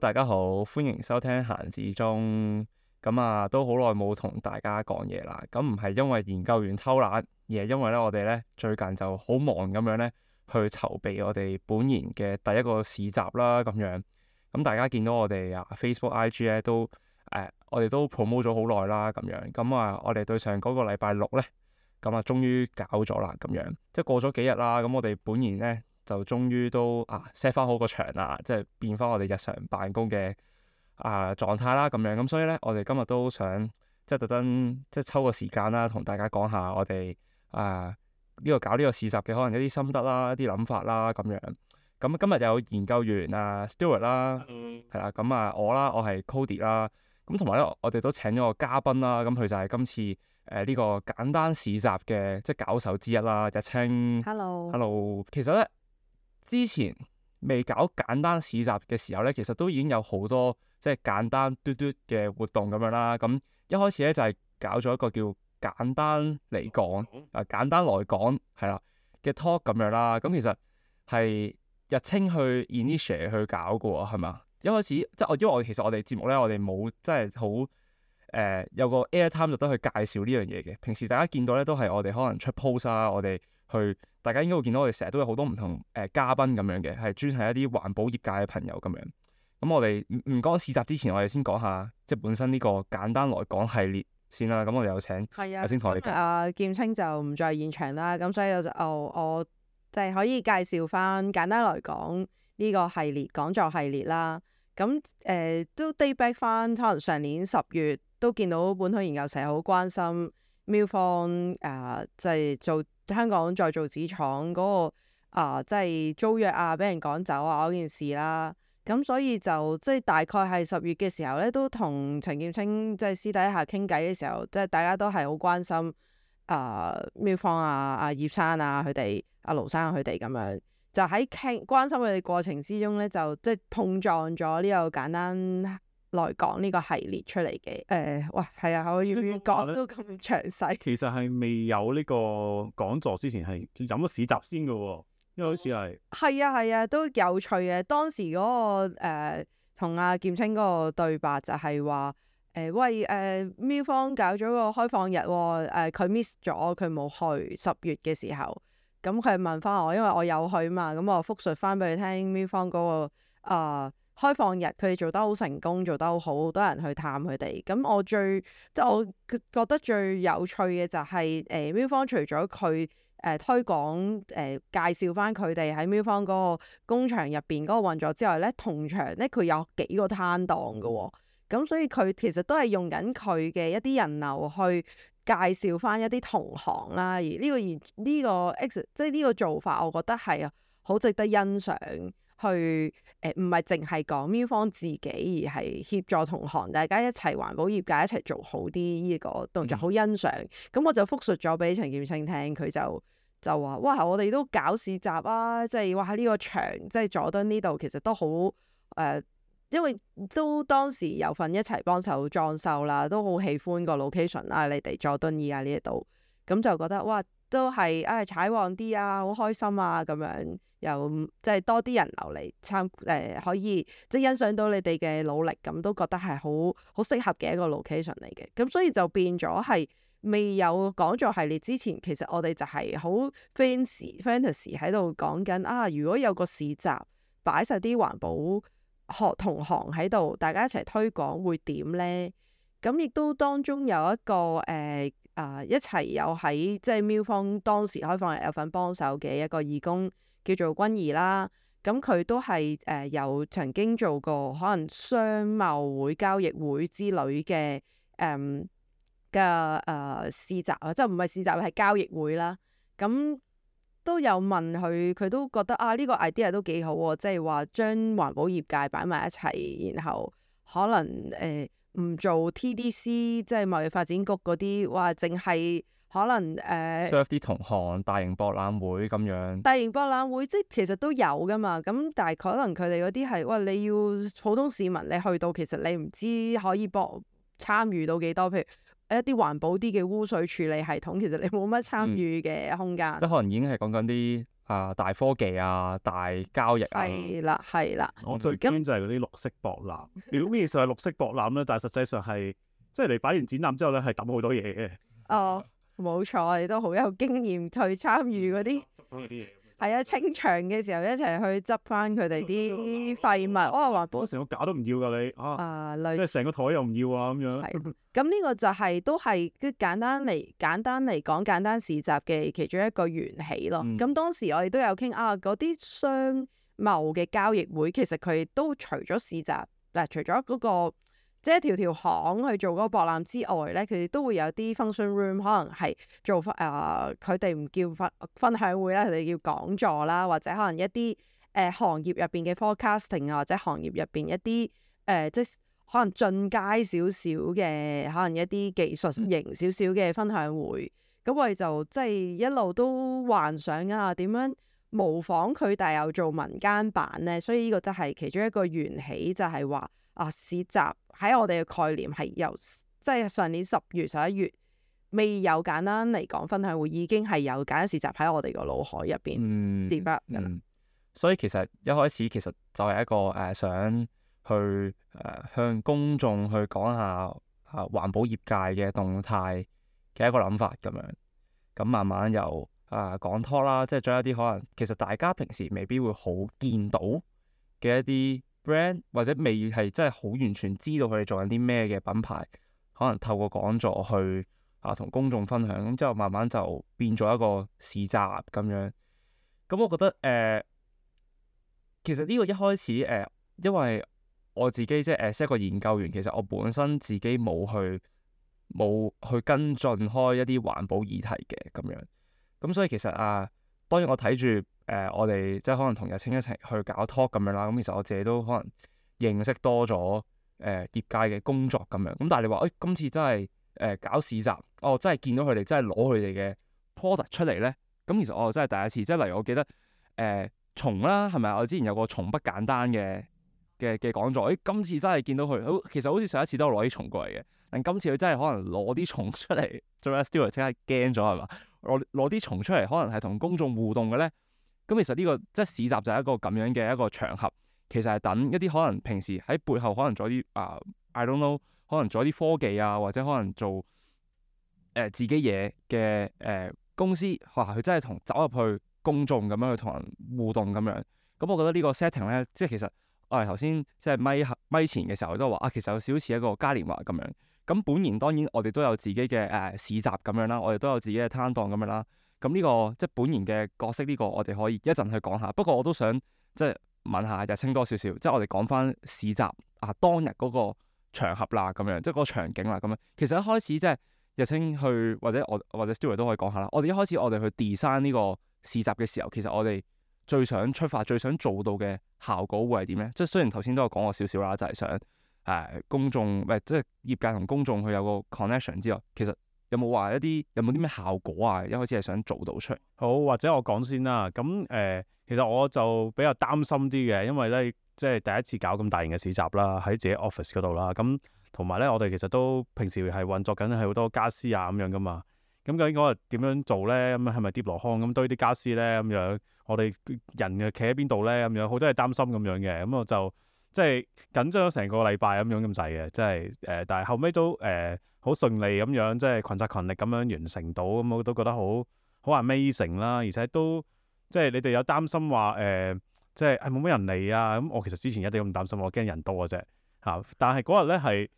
大家好，歡迎收聽閒至中，咁啊都好耐冇同大家講嘢啦，咁唔係因為研究員偷懶，而係因為咧我哋咧最近就好忙咁樣咧去籌備我哋本研嘅第一個市集啦，咁樣，咁大家見到我哋啊 Facebook IG 咧都誒、啊，我哋都 promote 咗好耐啦，咁樣，咁啊我哋對上嗰個禮拜六咧，咁啊終於搞咗啦，咁樣，即係過咗幾日啦，咁我哋本研咧。就終於都啊 set 翻好個場啦，即係變翻我哋日常辦公嘅啊狀態啦，咁樣，咁所以咧，我哋今日都想即係特登即係抽個時間啦，同大家講下我哋啊呢、這個搞呢個市集嘅可能一啲心得啦、一啲諗法啦咁樣。咁、啊、今日有研究員啊 Stewart 啦，係啦、嗯，咁啊我啦，我係 Cody 啦，咁同埋咧我哋都請咗個嘉賓啦，咁、啊、佢就係今次誒呢、呃這個簡單市集嘅即係搞手之一啦，日青。Hello。Hello。其實咧。之前未搞簡單市集嘅時候咧，其實都已經有好多即係簡單嘟嘟嘅活動咁樣啦。咁一開始咧就係、是、搞咗一個叫簡單嚟講啊，簡單來講係啦嘅 talk 咁樣啦。咁其實係日青去 initial 去搞嘅喎，係嘛？一開始即係，我因為我其實我哋節目咧，我哋冇即係好誒、呃、有個 airtime 就得去介紹呢樣嘢嘅。平時大家見到咧都係我哋可能出 post 啊，我哋去。大家應該會見到我哋成日都有好多唔同誒、呃、嘉賓咁樣嘅，係專係一啲環保業界嘅朋友咁樣。咁我哋唔唔講市集之前，我哋先講下即係本身呢個簡單來講系列先啦。咁我哋有請阿星台嚟嘅。阿、啊啊、劍青就唔在現場啦，咁所以我就、哦、我即係可以介紹翻簡單來講呢個系列講座系列啦。咁誒、呃、都 date back 翻可能上年十月都見到本土研究社好關心 m i l f o 即係做。香港再造紙廠嗰個啊，即係租約啊，俾人趕走啊嗰件事啦、啊，咁所以就即係大概係十月嘅時候咧，都同陳劍青即係私底下傾偈嘅時候，即係大家都係好關心啊，妙、呃、芳啊，阿葉生啊，佢哋阿盧生佢哋咁樣，就喺傾關心佢哋過程之中咧，就即係碰撞咗呢個簡單。來講呢個系列出嚟嘅，誒、呃，喂，係啊，我要唔要講到咁詳細？其實係未有呢個講座之前，係飲咗市集先，因為好似係。係、哦、啊係啊，都有趣嘅。當時嗰、那個誒，同阿劍青嗰個對白就係話，誒、呃，喂，誒，Mil 方搞咗個開放日、哦，誒、呃，佢 miss 咗，佢冇去十月嘅時候，咁、嗯、佢問翻我，因為我有去啊嘛，咁、嗯、我複述翻俾佢聽 Mil 方嗰個啊。呃開放日佢哋做得好成功，做得好好，好多人去探佢哋。咁我最即係我覺得最有趣嘅就係誒喵方除，除咗佢誒推廣誒、呃、介紹翻佢哋喺 m 喵方嗰個工場入邊嗰個運作之外咧，同場咧佢有幾個攤檔嘅喎、哦，咁所以佢其實都係用緊佢嘅一啲人流去介紹翻一啲同行啦。而呢、呢個而呢、呢個 X 即係呢個做法，我覺得係好值得欣賞。去誒，唔係淨係講 Miu 方自己，而係協助同行，大家一齊環保業界一齊做好啲呢個動作，好欣賞。咁、嗯、我就覆述咗俾陳劍青聽，佢就就話：哇，我哋都搞市集啊！即、就、係、是、哇，喺、這、呢個場，即、就、係、是、佐敦呢度，其實都好誒、呃，因為都當時有份一齊幫手裝修啦，都好喜歡個 location 啊！你哋佐敦依家呢度，咁就覺得哇，都係啊、哎、踩旺啲啊，好開心啊咁樣。有即係、就是、多啲人流嚟參誒，可以即係欣賞到你哋嘅努力，咁都覺得係好好適合嘅一個 location 嚟嘅。咁所以就變咗係未有講座系列之前，其實我哋就係好 fancy fantasy 喺度講緊啊！如果有個市集擺晒啲環保學同行喺度，大家一齊推廣會點咧？咁亦都當中有一個誒、呃、啊，一齊有喺即係 Milfong 當時開放時有份幫手嘅一個義工。叫做君怡啦，咁佢都係誒、呃、有曾經做過可能商貿會、交易會之類嘅誒嘅誒市集啊，即係唔係市集，係交易會啦。咁、嗯、都有問佢，佢都覺得啊呢、呢個 idea 都幾好、啊，即係話將環保業界擺埋一齊，然後可能誒唔、呃、做 TDC，即係貿易發展局嗰啲，哇，淨係。可能誒、呃、serve 啲同行，大型博覽會咁樣。大型博覽會即係其實都有噶嘛，咁但係可能佢哋嗰啲係喂，你要普通市民你去到，其實你唔知可以博參與到幾多，譬如一啲環保啲嘅污水處理系統，其實你冇乜參與嘅空間，嗯。即係可能已經係講緊啲啊大科技啊大交易啊。係啦係啦。我最偏就係嗰啲綠色博覽，表面 上係綠色博覽啦，但係實際上係即係你擺完展覽之後咧，係揼好多嘢嘅。哦。冇錯，你都好有經驗去參與嗰啲，係啊，清場嘅時候一齊去執翻佢哋啲廢物。我話成個架都唔要㗎，你啊，即係成個枱又唔要啊咁樣。咁呢個就係都係啲簡單嚟簡單嚟講簡單市集嘅其中一個緣起咯。咁、嗯、當時我哋都有傾啊，嗰啲商貿嘅交易會其實佢都除咗市集，嗱除咗嗰、嗰個。即係條條巷去做嗰個博覽之外咧，佢哋都會有啲 function room，可能係做誒，佢哋唔叫分分享會啦，佢哋叫講座啦，或者可能一啲誒、呃、行業入邊嘅 forecasting 啊，或者行業入邊一啲誒、呃，即係可能進階少少嘅，可能一啲技術型少少嘅分享會。咁、嗯、我哋就即係一路都幻想緊啊，點樣，模仿佢，但又做民間版咧，所以呢個就係其中一個緣起，就係、是、話啊市集喺我哋嘅概念係由，即係上年十月十一月未有簡單嚟講分享會，已經係有簡單市集喺我哋個腦海入邊 develop 所以其實一開始其實就係一個誒、呃、想去誒、呃、向公眾去講下啊、呃、環保業界嘅動態嘅一個諗法咁樣，咁慢慢又。啊，講拖啦，即係再一啲可能，其實大家平時未必會好見到嘅一啲 brand，或者未係真係好完全知道佢哋做緊啲咩嘅品牌，可能透過講座去啊同公眾分享，咁之後慢慢就變咗一個市集。咁樣。咁我覺得誒、呃，其實呢個一開始誒、呃，因為我自己即係誒，呃、一個研究員，其實我本身自己冇去冇去跟進開一啲環保議題嘅咁樣。咁、嗯、所以其實啊，當然我睇住誒我哋即係可能同日青一齊去搞 talk 咁樣啦。咁、嗯、其實我自己都可能認識多咗誒、呃、業界嘅工作咁樣。咁、嗯、但係你話誒、哎、今次真係誒、呃、搞市集，我、哦、真係見到佢哋真係攞佢哋嘅 product 出嚟咧。咁、嗯、其實我真係第一次，即係例如我記得誒松、呃、啦，係咪我之前有個松不簡單嘅嘅嘅講座？誒、哎、今次真係見到佢，其實好似上一次都攞啲松過嚟嘅。但今次佢真係可能攞啲蟲出嚟，做阿 Stewart 即刻驚咗係嘛？攞攞啲蟲出嚟，可能係同公眾互動嘅咧。咁、嗯、其實呢、這個即係市集就係一個咁樣嘅一個場合，其實係等一啲可能平時喺背後可能做啲啊，I don't know，可能做啲科技啊，或者可能做誒、呃、自己嘢嘅誒公司，哇！佢真係同走入去公眾咁樣去同人互動咁樣。咁、嗯、我覺得個呢個 setting 咧，即係其實我哋頭先即係咪咪前嘅時候都話啊，其實有少似一個嘉年華咁樣。咁本研當然我哋都有自己嘅誒、呃、市集咁樣啦，我哋都有自己嘅攤檔咁樣啦。咁呢、呢個即係本研嘅角色呢個，我哋可以一陣去講下。不過我都想即係問下日青多少少，即係我哋講返市集啊，當日嗰個場合啦，咁樣即係嗰個場景啦，咁樣其實一開始即係日青去或者我或者 Stewart 都可以講下啦。我哋一開始我哋去 design 呢個市集嘅時候，其實我哋最想出發、最想做到嘅效果會係點咧？即係雖然頭先都有講過少少啦，就係、是、想。.誒、啊，公眾唔、哎、即係業界同公眾去有個 connection 之外，其實有冇話一啲有冇啲咩效果啊？一開始係想做到出嚟，好或者我講先啦。咁誒、呃，其實我就比較擔心啲嘅，因為咧即係第一次搞咁大型嘅市集啦，喺自己 office 嗰度啦。咁同埋咧，我哋其實都平時係運作緊係好多家私啊咁樣噶嘛。咁究竟我點樣做咧？咁係咪疊籮筐咁堆啲家私咧？咁樣我哋人嘅企喺邊度咧？咁樣好多係擔心咁樣嘅。咁我就。即係緊張咗成個禮拜咁樣咁滯嘅，即係誒、呃，但係後尾都誒好順利咁樣，即係群策群力咁樣完成到，咁我都覺得好好話 Amazing 啦。而且都即係你哋有擔心話誒，即係係冇乜人嚟啊？咁我其實之前一啲都唔擔心，我驚人多嘅啫吓。但係嗰日咧係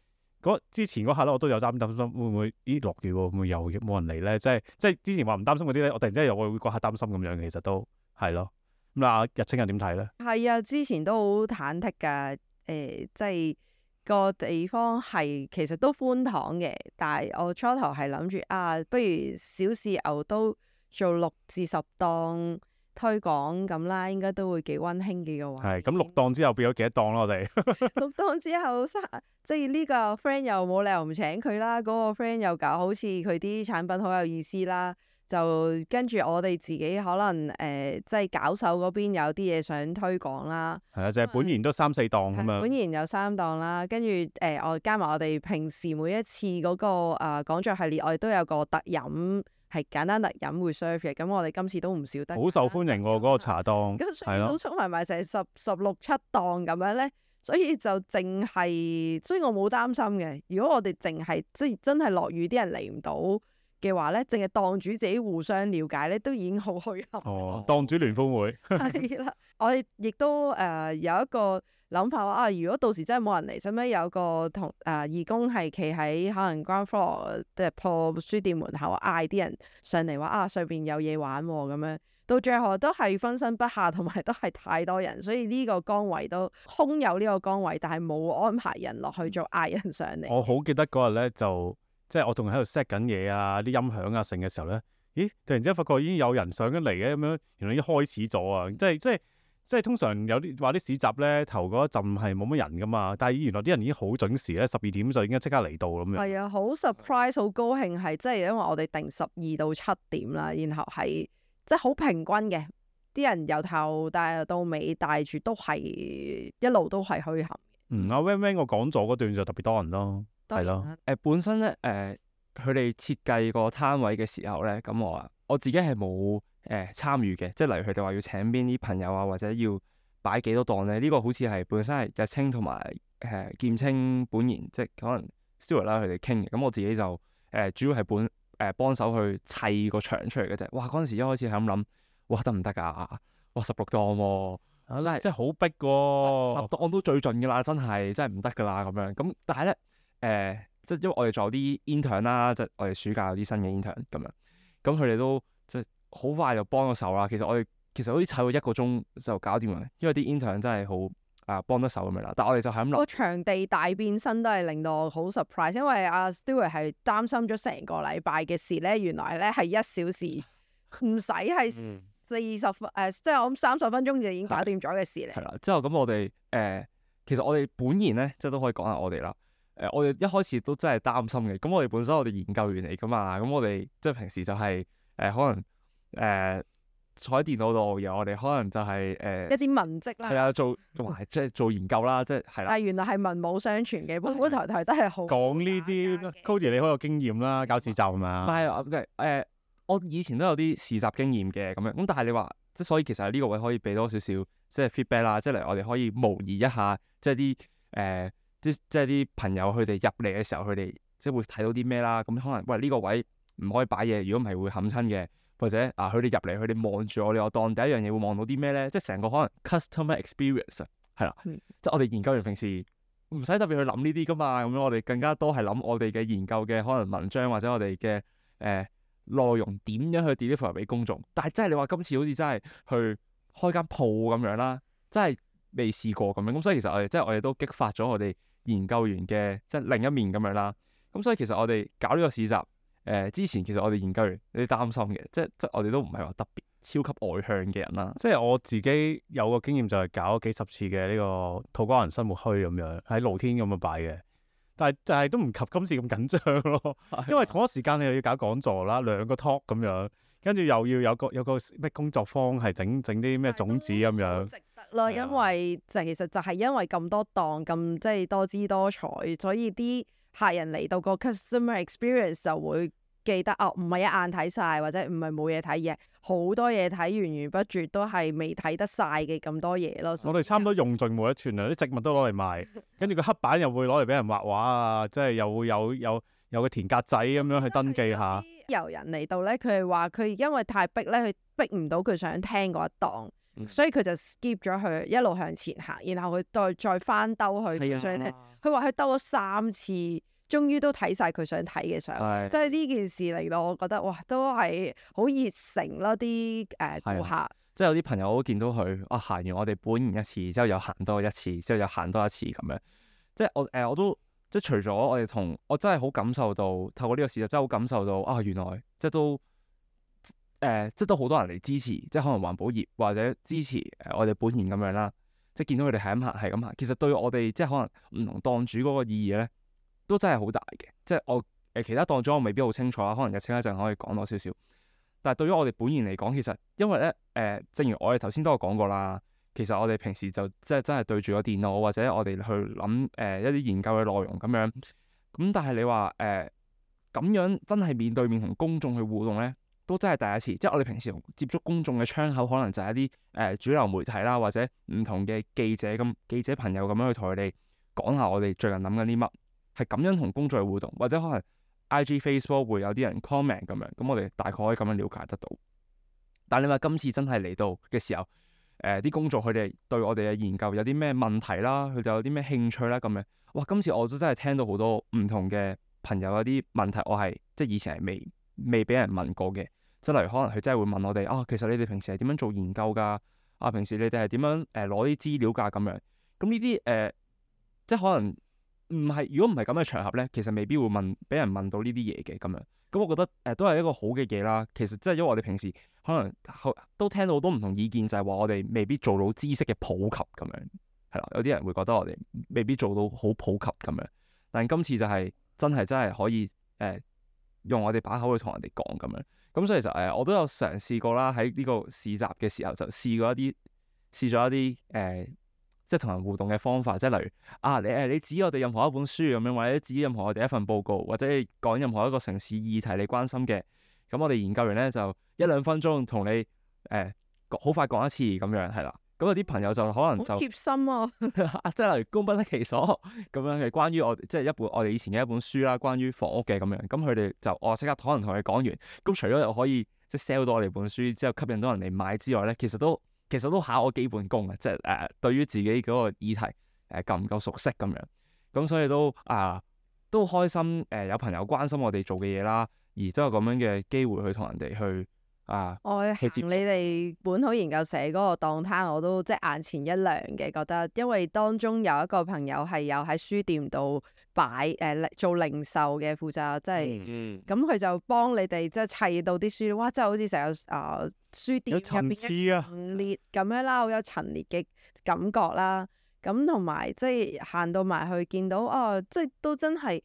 之前嗰下咧，我都有擔心會唔會咦落雨喎，會唔會又冇人嚟咧？即係即係之前話唔擔心嗰啲咧，我突然之間又會嗰刻擔心咁樣，其實都係咯。咁啦，日青又點睇咧？係啊，之前都好忐忑噶，誒、呃，即係個地方係其實都寬敞嘅，但係我初頭係諗住啊，不如小試牛刀做六至十檔推廣咁啦，應該都會幾溫馨嘅個位。係，咁、嗯、六檔之後變咗幾多檔咯、啊？我哋 六檔之後三，即係呢個 friend 又冇理由唔請佢啦。嗰、那個 friend 又搞好似佢啲產品好有意思啦。就跟住我哋自己可能誒、呃，即係搞手嗰邊有啲嘢想推廣啦。係啊、嗯，就係本研都三四檔咁啊。本研有三檔啦，跟住誒，呃、加我加埋我哋平時每一次嗰、那個誒講座系列，我哋都有個特飲係簡單特飲會 serve 嘅。咁我哋今次都唔少得。好受歡迎喎、啊，特飲，嗰個茶檔。咁所以都湊埋埋成十十六七檔咁樣咧，所以就淨係，所以我冇擔心嘅。如果我哋淨係即係真係落雨，啲人嚟唔到，嘅話咧，淨係檔主自己互相了解咧，都已經好配合。哦，檔主聯豐會係啦， 我亦都誒有一個諗法話啊，如果到時真係冇人嚟，使唔使有個同誒、呃、義工係企喺可能 ground floor 即係破書店門口嗌啲人上嚟話啊，上邊有嘢玩咁、哦、樣？到最後都係分身不下，同埋都係太多人，所以呢個崗位都空有呢個崗位，但係冇安排人落去做嗌人上嚟。我好記得嗰日咧就。即係我仲喺度 set 緊嘢啊，啲音響啊，剩嘅時候咧，咦？突然之間發覺已經有人上緊嚟嘅咁樣，原來已經開始咗啊！即係即係即係通常有啲話啲市集咧，頭嗰一陣係冇乜人噶嘛，但係原來啲人已經好準時咧，十二點就已經即刻嚟到咁樣。係啊，好 surprise，好高興係，即係因為我哋定十二到七點啦，然後係即係好平均嘅，啲人由頭戴到尾戴住都係一路都係虛撼。嗯，阿 Van v 我講咗嗰段就特別多人咯。係咯，誒、呃、本身咧，誒佢哋設計個攤位嘅時候咧，咁、嗯、我啊，我自己係冇誒參與嘅，即係例如佢哋話要請邊啲朋友啊，或者要擺幾多檔咧？呢、這個好似係本身係日青同埋誒劍清本研，即係可能 Stewart 啦，佢哋傾嘅。咁、嗯、我自己就誒、呃、主要係本誒、呃、幫手去砌個牆出嚟嘅啫。哇！嗰陣時一開始係咁諗，哇得唔得啊？哇十六檔喎、啊，是真係即係好逼喎，十檔都最盡嘅啦，真係真係唔得嘅啦咁樣。咁但係咧。誒、呃，即係因為我哋仲有啲 intern 啦、啊，即就我哋暑假有啲新嘅 intern 咁樣，咁佢哋都即係好快就幫咗手啦。其實我哋其實好似砌會一個鐘就搞掂啦，因為啲 intern 真係好啊幫得手咁樣啦。但係我哋就係咁。個場地大變身都係令到我好 surprise，因為阿、啊、Stewart 係擔心咗成個禮拜嘅事咧，原來咧係一小時唔使，係四十分誒、嗯呃，即係我諗三十分鐘就已經搞掂咗嘅事嚟。係啦，之後咁我哋誒，其實我哋本然咧，即係都可以講下我哋啦。誒、呃，我哋一開始都真係擔心嘅。咁我哋本身我哋研究員嚟噶嘛，咁我哋即係平時就係、是、誒，可能誒坐喺電腦度，由、呃、我哋可能就係、是、誒、呃、一啲文職啦，係啊，做同埋即係做研究啦， 即係係啦。但係原來係文武相傳嘅，本本 台台都係好講呢啲。Cody，你好有經驗啦，搞市集係咪唔係，誒、 呃，我以前都有啲市集經驗嘅咁樣。咁但係你話，即係所以其實喺呢個位可以俾多少少即係 feedback 啦，即係嚟我哋可以模擬一下，即係啲誒。就是即即係啲朋友佢哋入嚟嘅時候，佢哋即係會睇到啲咩啦？咁、嗯、可能喂呢、呢個位唔可以擺嘢，如果唔係會冚親嘅。或者啊，佢哋入嚟，佢哋望住我哋，我當第一樣嘢會望到啲咩咧？即係成個可能 customer experience 係啦。嗯、即係我哋研究完平時唔使特別去諗呢啲噶嘛。咁、嗯、樣我哋更加多係諗我哋嘅研究嘅可能文章或者我哋嘅誒內容點樣去 deliver 俾公眾。但係即係你話今次好似真係去開間鋪咁樣啦，真係未試過咁樣。咁所以其實我哋即係我哋都激發咗我哋。研究員嘅即係另一面咁樣啦，咁所以其實我哋搞呢個市集，誒、呃、之前其實我哋研究員有啲擔心嘅，即係即係我哋都唔係話特別超級外向嘅人啦。即係我自己有個經驗就係搞幾十次嘅呢個土瓜灣生活墟咁樣喺露天咁樣擺嘅，但係就係都唔及今次咁緊張咯，因為同一時間你又要搞講座啦，兩個 talk 咁樣。跟住又要有個有個乜工作坊係整整啲咩種子咁樣，值得咯。的因為就其實就係因為咁多檔咁，即係多姿多彩，所以啲客人嚟到個 customer experience 就會記得啊，哦，唔係一眼睇晒，或者唔係冇嘢睇，嘢，好多嘢睇，源源不絕都係未睇得晒嘅咁多嘢咯。我哋差唔多用盡每一寸啊！啲 植物都攞嚟賣，跟住個黑板又會攞嚟俾人畫畫啊！即係又會有有。有有有個田格仔咁樣去登記下。遊人嚟到咧，佢係話佢因為太逼咧，佢逼唔到佢想聽嗰一檔，所以佢就 skip 咗佢，一路向前行。然後佢再再翻兜去咁樣聽。佢話佢兜咗三次，終於都睇晒佢想睇嘅相。即係呢件事嚟到，我覺得哇，都係好熱誠咯！啲誒顧客，即係有啲朋友我都見到佢，哇、啊！行完我哋本完一次，之後又行多一次，之後又行多一次咁樣。即係我誒、呃，我都。即除咗我哋同，我真係好感受到透過呢個視察，真係好感受到啊！原來即係都誒，即係都好、呃、多人嚟支持，即係可能環保業或者支持誒我哋本研咁樣啦。即係見到佢哋係咁行，係咁行。其實對我哋即係可能唔同檔主嗰個意義咧，都真係好大嘅。即係我誒其他檔主我未必好清楚啊，可能日青一陣可以講多少少。但係對於我哋本研嚟講，其實因為咧誒、呃，正如我哋頭先都有講過啦。其實我哋平時就即係真係對住個電腦，或者我哋去諗誒、呃、一啲研究嘅內容咁樣。咁但係你話誒咁樣真係面對面同公眾去互動咧，都真係第一次。即係我哋平時接觸公眾嘅窗口，可能就係一啲誒、呃、主流媒體啦，或者唔同嘅記者咁記者朋友咁樣去同佢哋講下我哋最近諗緊啲乜，係咁樣同公眾去互動，或者可能 IG Facebook 會有啲人 comment 咁樣。咁、嗯、我哋大概可以咁樣了解得到。但係你話今次真係嚟到嘅時候。誒，啲、呃、工作，佢哋對我哋嘅研究有啲咩問題啦？佢哋有啲咩興趣啦？咁樣，哇！今次我都真係聽到好多唔同嘅朋友有啲問題，我係即係以前係未未俾人問過嘅。即係例如可能佢真係會問我哋啊，其實你哋平時係點樣做研究噶？啊，平時你哋係點樣誒攞啲資料噶？咁樣，咁呢啲誒，即係可能唔係，如果唔係咁嘅場合咧，其實未必會問俾人問到呢啲嘢嘅咁樣。咁我覺得誒、呃、都係一個好嘅嘢啦，其實即係因為我哋平時可能都聽到好多唔同意見，就係、是、話我哋未必做到知識嘅普及咁樣，係啦，有啲人會覺得我哋未必做到好普及咁樣，但今次就係、是、真係真係可以誒、呃、用我哋把口去同人哋講咁樣，咁所以其實、呃、我都有嘗試過啦，喺呢個市集嘅時候就試過一啲試咗一啲誒。誒即係同人互動嘅方法，即係例如啊，你誒，你指我哋任何一本書咁樣，或者指任何我哋一份報告，或者講任何一個城市議題你關心嘅，咁我哋研究員咧就一兩分鐘同你誒，好、呃、快講一次咁樣，係啦。咁有啲朋友就可能就貼心啊， 即係例如供不得其所咁樣，係關於我即係一本我哋以前嘅一本書啦，關於房屋嘅咁樣。咁佢哋就我即、哦、刻可能同你講完。咁除咗又可以即係 sell 到我哋本書之後吸引到人嚟買之外咧，其實都。其實都考我基本功啊，即係誒，對於自己嗰個議題誒、呃、夠唔夠熟悉咁樣，咁所以都啊、呃、都開心誒、呃，有朋友關心我哋做嘅嘢啦，而都有咁樣嘅機會去同人哋去。啊！我行你哋本土研究社嗰個檔攤，我都即係眼前一亮嘅，覺得因為當中有一個朋友係有喺書店度擺誒、呃、做零售嘅，負責即係，咁佢、嗯嗯嗯、就幫你哋即係砌到啲書，哇！真係好似成日啊書店入邊陳列咁樣啦，好有陳列嘅、啊、感覺啦。咁同埋即係行到埋去見到，哦、呃，即係都真係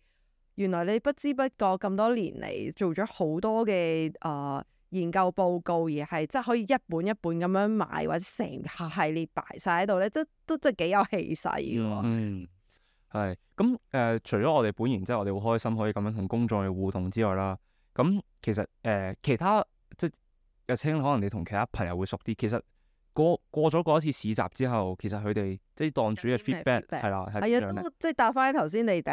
原來你不知不覺咁多年嚟做咗好多嘅啊！呃研究報告而係即係可以一本一本咁樣買，或者成個系列擺晒喺度咧，都都即係幾有氣勢嘅喎、嗯。嗯，係咁誒，除咗我哋本研即係我哋好開心可以咁樣同公眾嘅互動之外啦，咁、嗯、其實誒、呃、其他即係阿青可能你同其他朋友會熟啲，其實過過咗嗰一次市集之後，其實佢哋即係檔主嘅 feedback 係啦，係啊，即係答翻頭先你第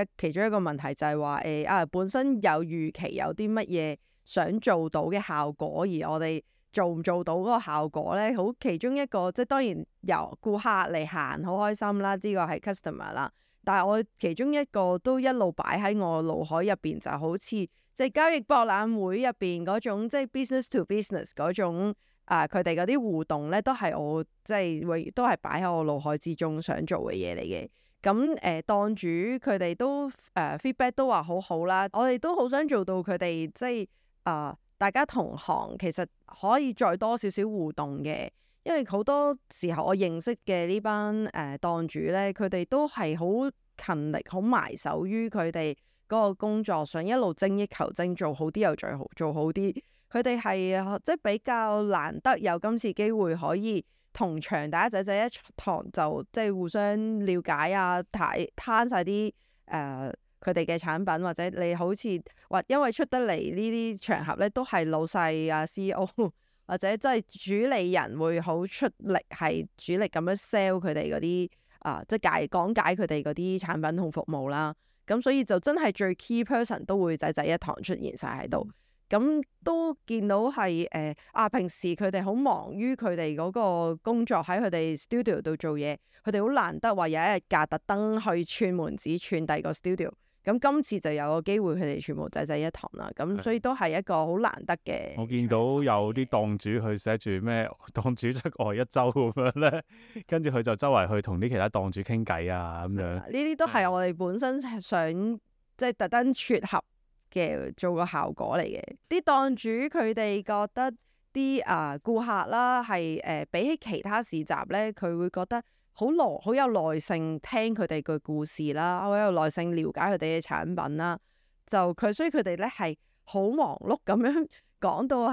一其中一個問題就係話誒啊，本身有預期有啲乜嘢？想做到嘅效果，而我哋做唔做到嗰個效果咧，好其中一個即係當然由顧客嚟行，好開心啦，呢、這個係 customer 啦。但係我其中一個都一路擺喺我腦海入邊，就好似即係交易博覽會入邊嗰種即係 business to business 嗰種啊，佢哋嗰啲互動咧，都係我即係亦都係擺喺我腦海之中想做嘅嘢嚟嘅。咁誒檔主佢哋都誒、呃、feedback 都話好好啦，我哋都好想做到佢哋即係。啊！Uh, 大家同行其實可以再多少少互動嘅，因為好多時候我認識嘅、呃、呢班誒檔主咧，佢哋都係好勤力、好埋首於佢哋嗰個工作上，想一路精益求精，做好啲又最好，做好啲。佢哋係即係比較難得有今次機會可以同場，大家濟濟一堂就即係互相了解啊，睇攤晒啲誒。呃佢哋嘅產品或者你好似或因為出得嚟呢啲場合咧，都係老細啊 CEO 或者即係主理人會好出力，係主力咁樣 sell 佢哋嗰啲啊即係、就是、解講解佢哋嗰啲產品同服務啦。咁所以就真係最 key person 都會濟濟一堂出現晒喺度。咁都見到係誒、呃、啊，平時佢哋好忙於佢哋嗰個工作喺佢哋 studio 度做嘢，佢哋好難得話有一日假特登去串門子串第二個 studio。咁今次就有個機會，佢哋全部濟濟一堂啦，咁所以都係一個好難得嘅。我見到有啲檔主去寫住咩「檔主出外一周」咁樣咧，跟住佢就周圍去同啲其他檔主傾偈啊咁樣。呢啲都係我哋本身想的即係特登撮合嘅做個效果嚟嘅。啲檔主佢哋覺得啲啊顧客啦係誒、呃、比起其他市集咧，佢會覺得，好耐，好有耐性聽佢哋個故事啦，好有耐性了解佢哋嘅產品啦。就佢，所以佢哋咧係好忙碌咁樣講到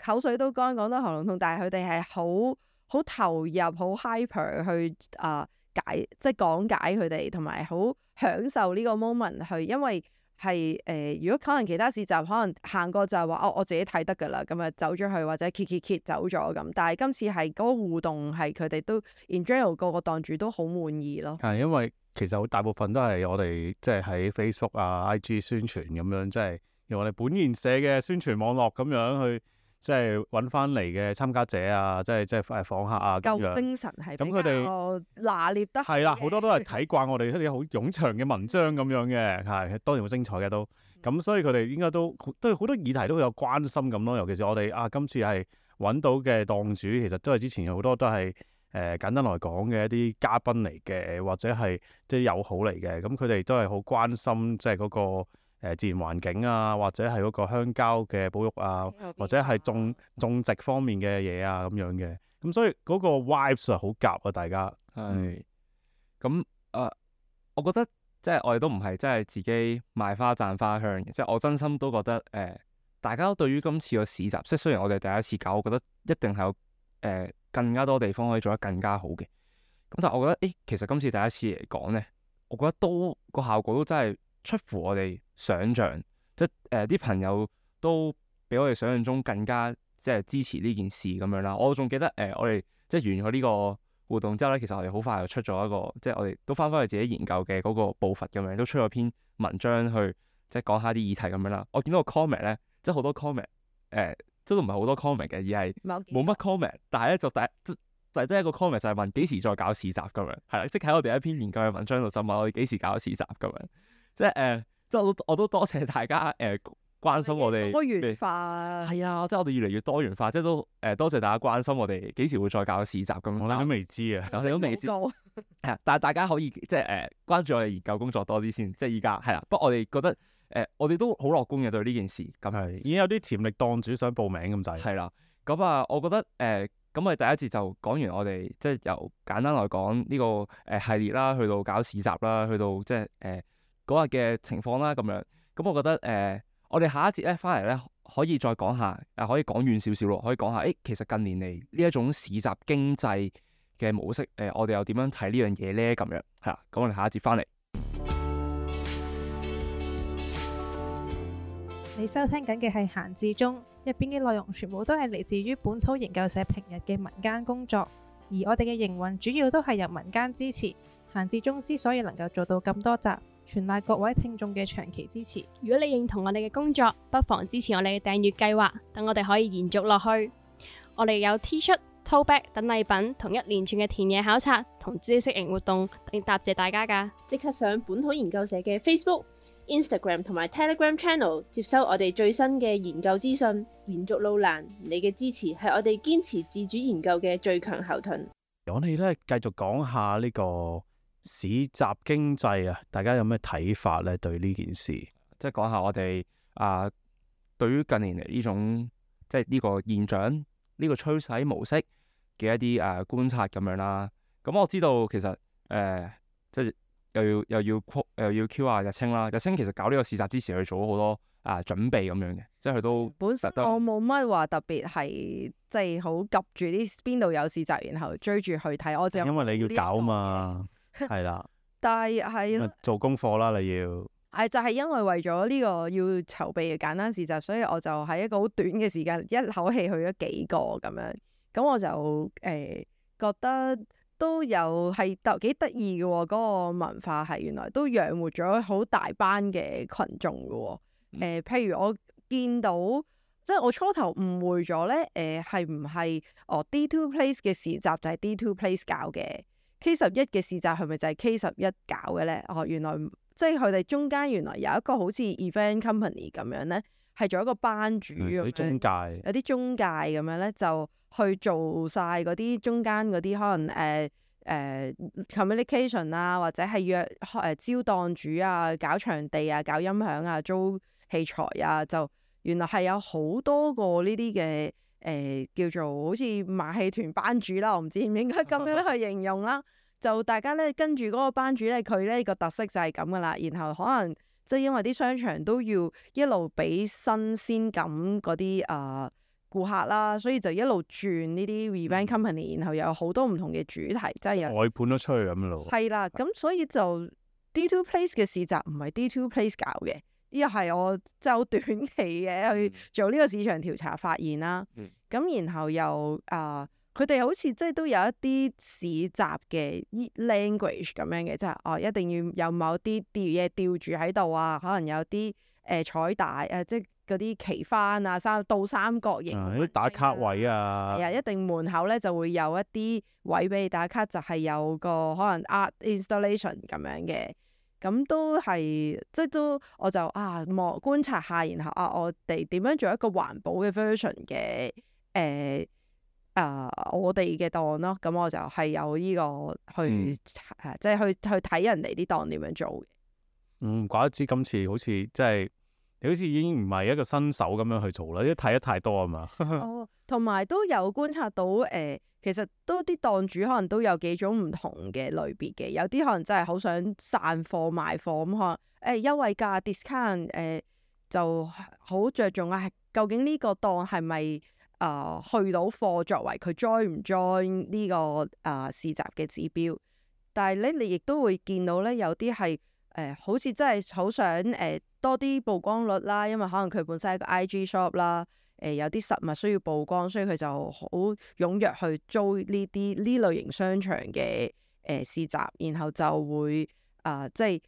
口水都乾，講到喉嚨痛，但係佢哋係好好投入、好 hyper 去啊、呃、解，即係講解佢哋，同埋好享受呢個 moment 去，因為。係誒、呃，如果可能其他市集可能行過就係話，哦，我自己睇得㗎啦，咁啊走咗去或者揭揭揭走咗咁，但係今次係嗰、那個互動係佢哋都 in general 個個檔主都好滿意咯。係因為其實大部分都係我哋即係、就、喺、是、Facebook 啊 IG 宣傳咁樣，即、就、係、是、用我哋本研社嘅宣傳網絡咁樣去。即係揾翻嚟嘅參加者啊，即係即係誒訪客啊，咁夠精神係。咁佢哋拿捏得。係啦的，好 多都係睇慣我哋一啲好冗長嘅文章咁樣嘅，係當然好精彩嘅都。咁所以佢哋應該都都好多議題都有關心咁咯。尤其是我哋啊，今次係揾到嘅檔主，其實都係之前好多都係誒、呃、簡單來講嘅一啲嘉賓嚟嘅，或者係即係友好嚟嘅。咁佢哋都係好關心即係嗰個。誒自然環境啊，或者係嗰個香蕉嘅保育啊，或者係種、啊、種植方面嘅嘢啊，咁樣嘅。咁所以嗰個 vibes 上好夾啊，大家。係是。咁啊、嗯，uh, 我覺得即係我哋都唔係即係自己賣花讚花香嘅，即係我真心都覺得誒、呃，大家對於今次個市集，即係雖然我哋第一次搞，我覺得一定係有誒、呃、更加多地方可以做得更加好嘅。咁但係我覺得，誒其實今次第一次嚟講咧，我覺得都個效果都真係。出乎我哋想象，即係誒啲朋友都比我哋想象中更加即係支持呢件事咁樣啦。我仲記得誒、呃，我哋即係完咗呢個活動之後咧，其實我哋好快又出咗一個，即係我哋都翻返去自己研究嘅嗰個步伐咁樣，都出咗篇文章去即係講下啲議題咁樣啦。我見到個 comment 咧 com、呃，即係好多 comment，誒，即都唔係好多 comment 嘅，而係冇乜 comment。但係咧就第就係一個 comment 就係問幾時再搞市集咁樣，係啦，即係喺我哋一篇研究嘅文章度就問我哋幾時搞市集咁樣。即係誒，即係我都我都多謝大家誒、呃、關心我哋多元化係啊，即係我哋越嚟越多元化，即係都誒、呃、多謝大家關心我哋，幾時會再搞市集咁樣？我諗都未知啊，我諗都未知都很 但係大家可以即係、呃、誒關注我哋研究工作多啲先。即係依家係啦。不過我哋覺得誒、呃，我哋都好樂觀嘅對呢件事。咁係是，已經有啲潛力檔主想報名咁滯。係啦、啊，咁啊，我覺得誒，咁、呃、我哋第一節就講完我哋，即係由簡單嚟講呢個誒系列啦，去到搞市集啦，去到即係、呃、誒。嗯嗰日嘅情況啦，咁樣咁，我覺得誒、呃，我哋下一節咧，翻嚟咧可以再講下，誒可以講遠少少咯，可以講下誒，其實近年嚟呢一種市集經濟嘅模式，誒、呃、我哋又點樣睇呢樣嘢咧？咁樣係，咁我哋下一節翻嚟。你收聽緊嘅係閒置中入邊嘅內容，全部都係嚟自於本土研究社平日嘅民間工作，而我哋嘅營運主要都係由民間支持。閒置中之所以能夠做到咁多集。全賴各位聽眾嘅長期支持。如果你認同我哋嘅工作，不妨支持我哋嘅訂閱計劃，等我哋可以延續落去。我哋有 T 恤、tote bag 等禮品，同一連串嘅田野考察同知識型活動，並答謝大家噶。即刻上本土研究社嘅 Facebook、Instagram 同埋 Telegram Channel，接收我哋最新嘅研究資訊。延續路難，你嘅支持係我哋堅持自主研究嘅最強後盾。我哋咧繼續講下呢、這個。市集經濟啊，大家有咩睇法咧？對呢件事，即係講下我哋啊、呃，對於近年嚟呢種即係呢個現象、呢、呢個趨勢模式嘅一啲誒、呃、觀察咁樣啦。咁、嗯、我知道其實誒、呃，即係又要又要 o, 又要 Q 下日青啦。日青其實搞呢個市集之前，佢做咗好多啊、呃、準備咁樣嘅，即係佢都得得本身我冇乜話特別係即係好急住啲邊度有市集，然後追住去睇。我有有因為你要搞嘛。係啦，但係係咯，做功課啦，你要，係 就係、是、因為為咗呢個要籌備嘅簡單市集，所以我就喺一個好短嘅時間一口氣去咗幾個咁樣，咁我就誒、呃、覺得都有係得幾得意嘅。嗰、哦那個文化係原來都養活咗好大班嘅群眾嘅、哦，誒、嗯呃，譬如我見到即係我初頭誤會咗咧，誒係唔係哦 D2 Place 嘅市集就係 D2 Place 搞嘅。K 十一嘅市集係咪就係 K 十一搞嘅咧？哦，原來即係佢哋中間原來有一個好似 event company 咁樣咧，係做一個班主、嗯、有啲中介，有啲中介咁樣咧，就去做晒嗰啲中間嗰啲可能誒誒、呃呃、communication 啊，或者係約誒、呃、招檔主啊、搞場地啊、搞音響啊、租器材啊，就原來係有好多個呢啲嘅。誒、呃，叫做好似馬戲團班主啦，我唔知是是應唔應該咁樣去形容啦。 就大家咧跟住嗰個班主咧，佢咧、呢個特色就係咁噶啦。然後可能即係因為啲商場都要一路俾新鮮感嗰啲啊顧客啦，所以就一路轉呢啲 revamp company， 然後有好多唔同嘅主題， 即係有外判咗出去咁咯。係啦的，咁 所以就 D2 Place 嘅市集唔係 D2 Place 搞嘅。呢個係我就短期嘅去做呢個市場調查發現啦。咁、嗯、然後又啊，佢、呃、哋好似即係都有一啲市集嘅 language 咁樣嘅，即係哦一定要有某啲吊嘢吊住喺度啊。可能有啲誒、呃、彩帶誒、啊，即係嗰啲旗幡啊，三倒三角形啲、啊、打卡位啊。係啊，一定門口咧就會有一啲位俾你打卡，就係、是、有個可能 art installation 咁樣嘅。咁都係，即係都，我就啊望觀察下，然後啊，我哋點樣做一個環保嘅 version 嘅，誒、呃、啊、呃、我哋嘅檔咯，咁我就係有呢個去誒，即係、嗯、去去睇人哋啲檔點樣做嘅。唔、嗯、怪得之，今次好似即係。你好似已經唔係一個新手咁樣去做啦，因為睇得太多啊嘛。哦，同埋都有觀察到，誒、呃，其實都啲檔主可能都有幾種唔同嘅類別嘅，有啲可能真係好想散貨賣貨咁，可能誒、呃、優惠價 discount 誒、呃、就好着重啊，究竟呢個檔係咪啊去到貨作為佢 join 唔 join 呢、這個啊市、呃、集嘅指標？但係咧，你亦都會見到咧，有啲係。誒、呃，好似真係好想誒、呃、多啲曝光率啦，因為可能佢本身係個 I G shop 啦，誒、呃、有啲實物需要曝光，所以佢就好踴躍去租呢啲呢類型商場嘅誒、呃、市集，然後就會啊、呃、即係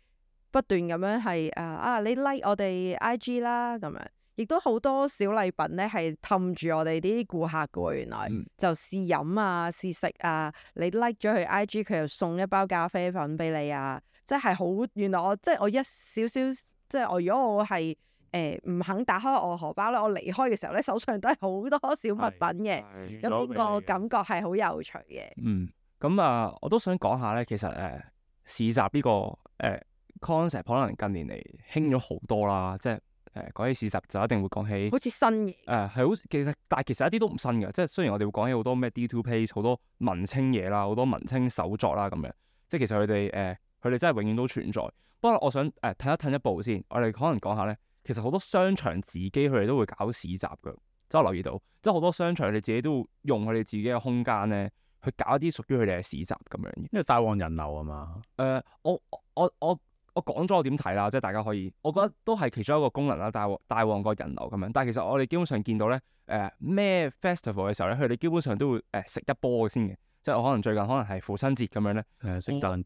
不斷咁樣係啊啊你 like 我哋 I G 啦，咁樣亦都好多小禮品咧係氹住我哋啲顧客噶喎，原來、嗯、就試飲啊試食啊，你 like 咗佢 I G 佢又送一包咖啡粉俾你啊。即係好原來我即係我一少少，即係我如果我係誒唔肯打開我荷包咧，我離開嘅時候咧，手上都係好多小物品嘅，咁呢的個感覺係好有趣嘅、嗯。嗯，咁、呃、啊，我都想講下咧，其實誒、呃、市集呢、呢個誒、呃、concept 可能近年嚟興咗好多啦，即係誒講起市集就一定會講起好似新嘅誒、呃、好其實，但係其實一啲都唔新嘅，即係雖然我哋會講起好多咩 D2 Place 好多文青嘢啦，好多文青手作啦咁樣，即係其實佢哋誒。呃佢哋真係永遠都存在。不過我想誒褪、呃、一褪一步先，我哋可能講下咧，其實好多商場自己佢哋都會搞市集㗎。即係我留意到，即係好多商場佢哋自己都會用佢哋自己嘅空間咧，去搞一啲屬於佢哋嘅市集咁樣。因為大旺人流啊嘛。誒、呃，我我我我講咗我點睇啦，即係大家可以，我覺得都係其中一個功能啦，大旺大旺個人流咁樣。但係其實我哋基本上見到咧，誒、呃、咩 festival 嘅時候咧，佢哋基本上都會誒、呃、食一波先嘅。即係我可能最近可能係父親節咁樣咧，嗯、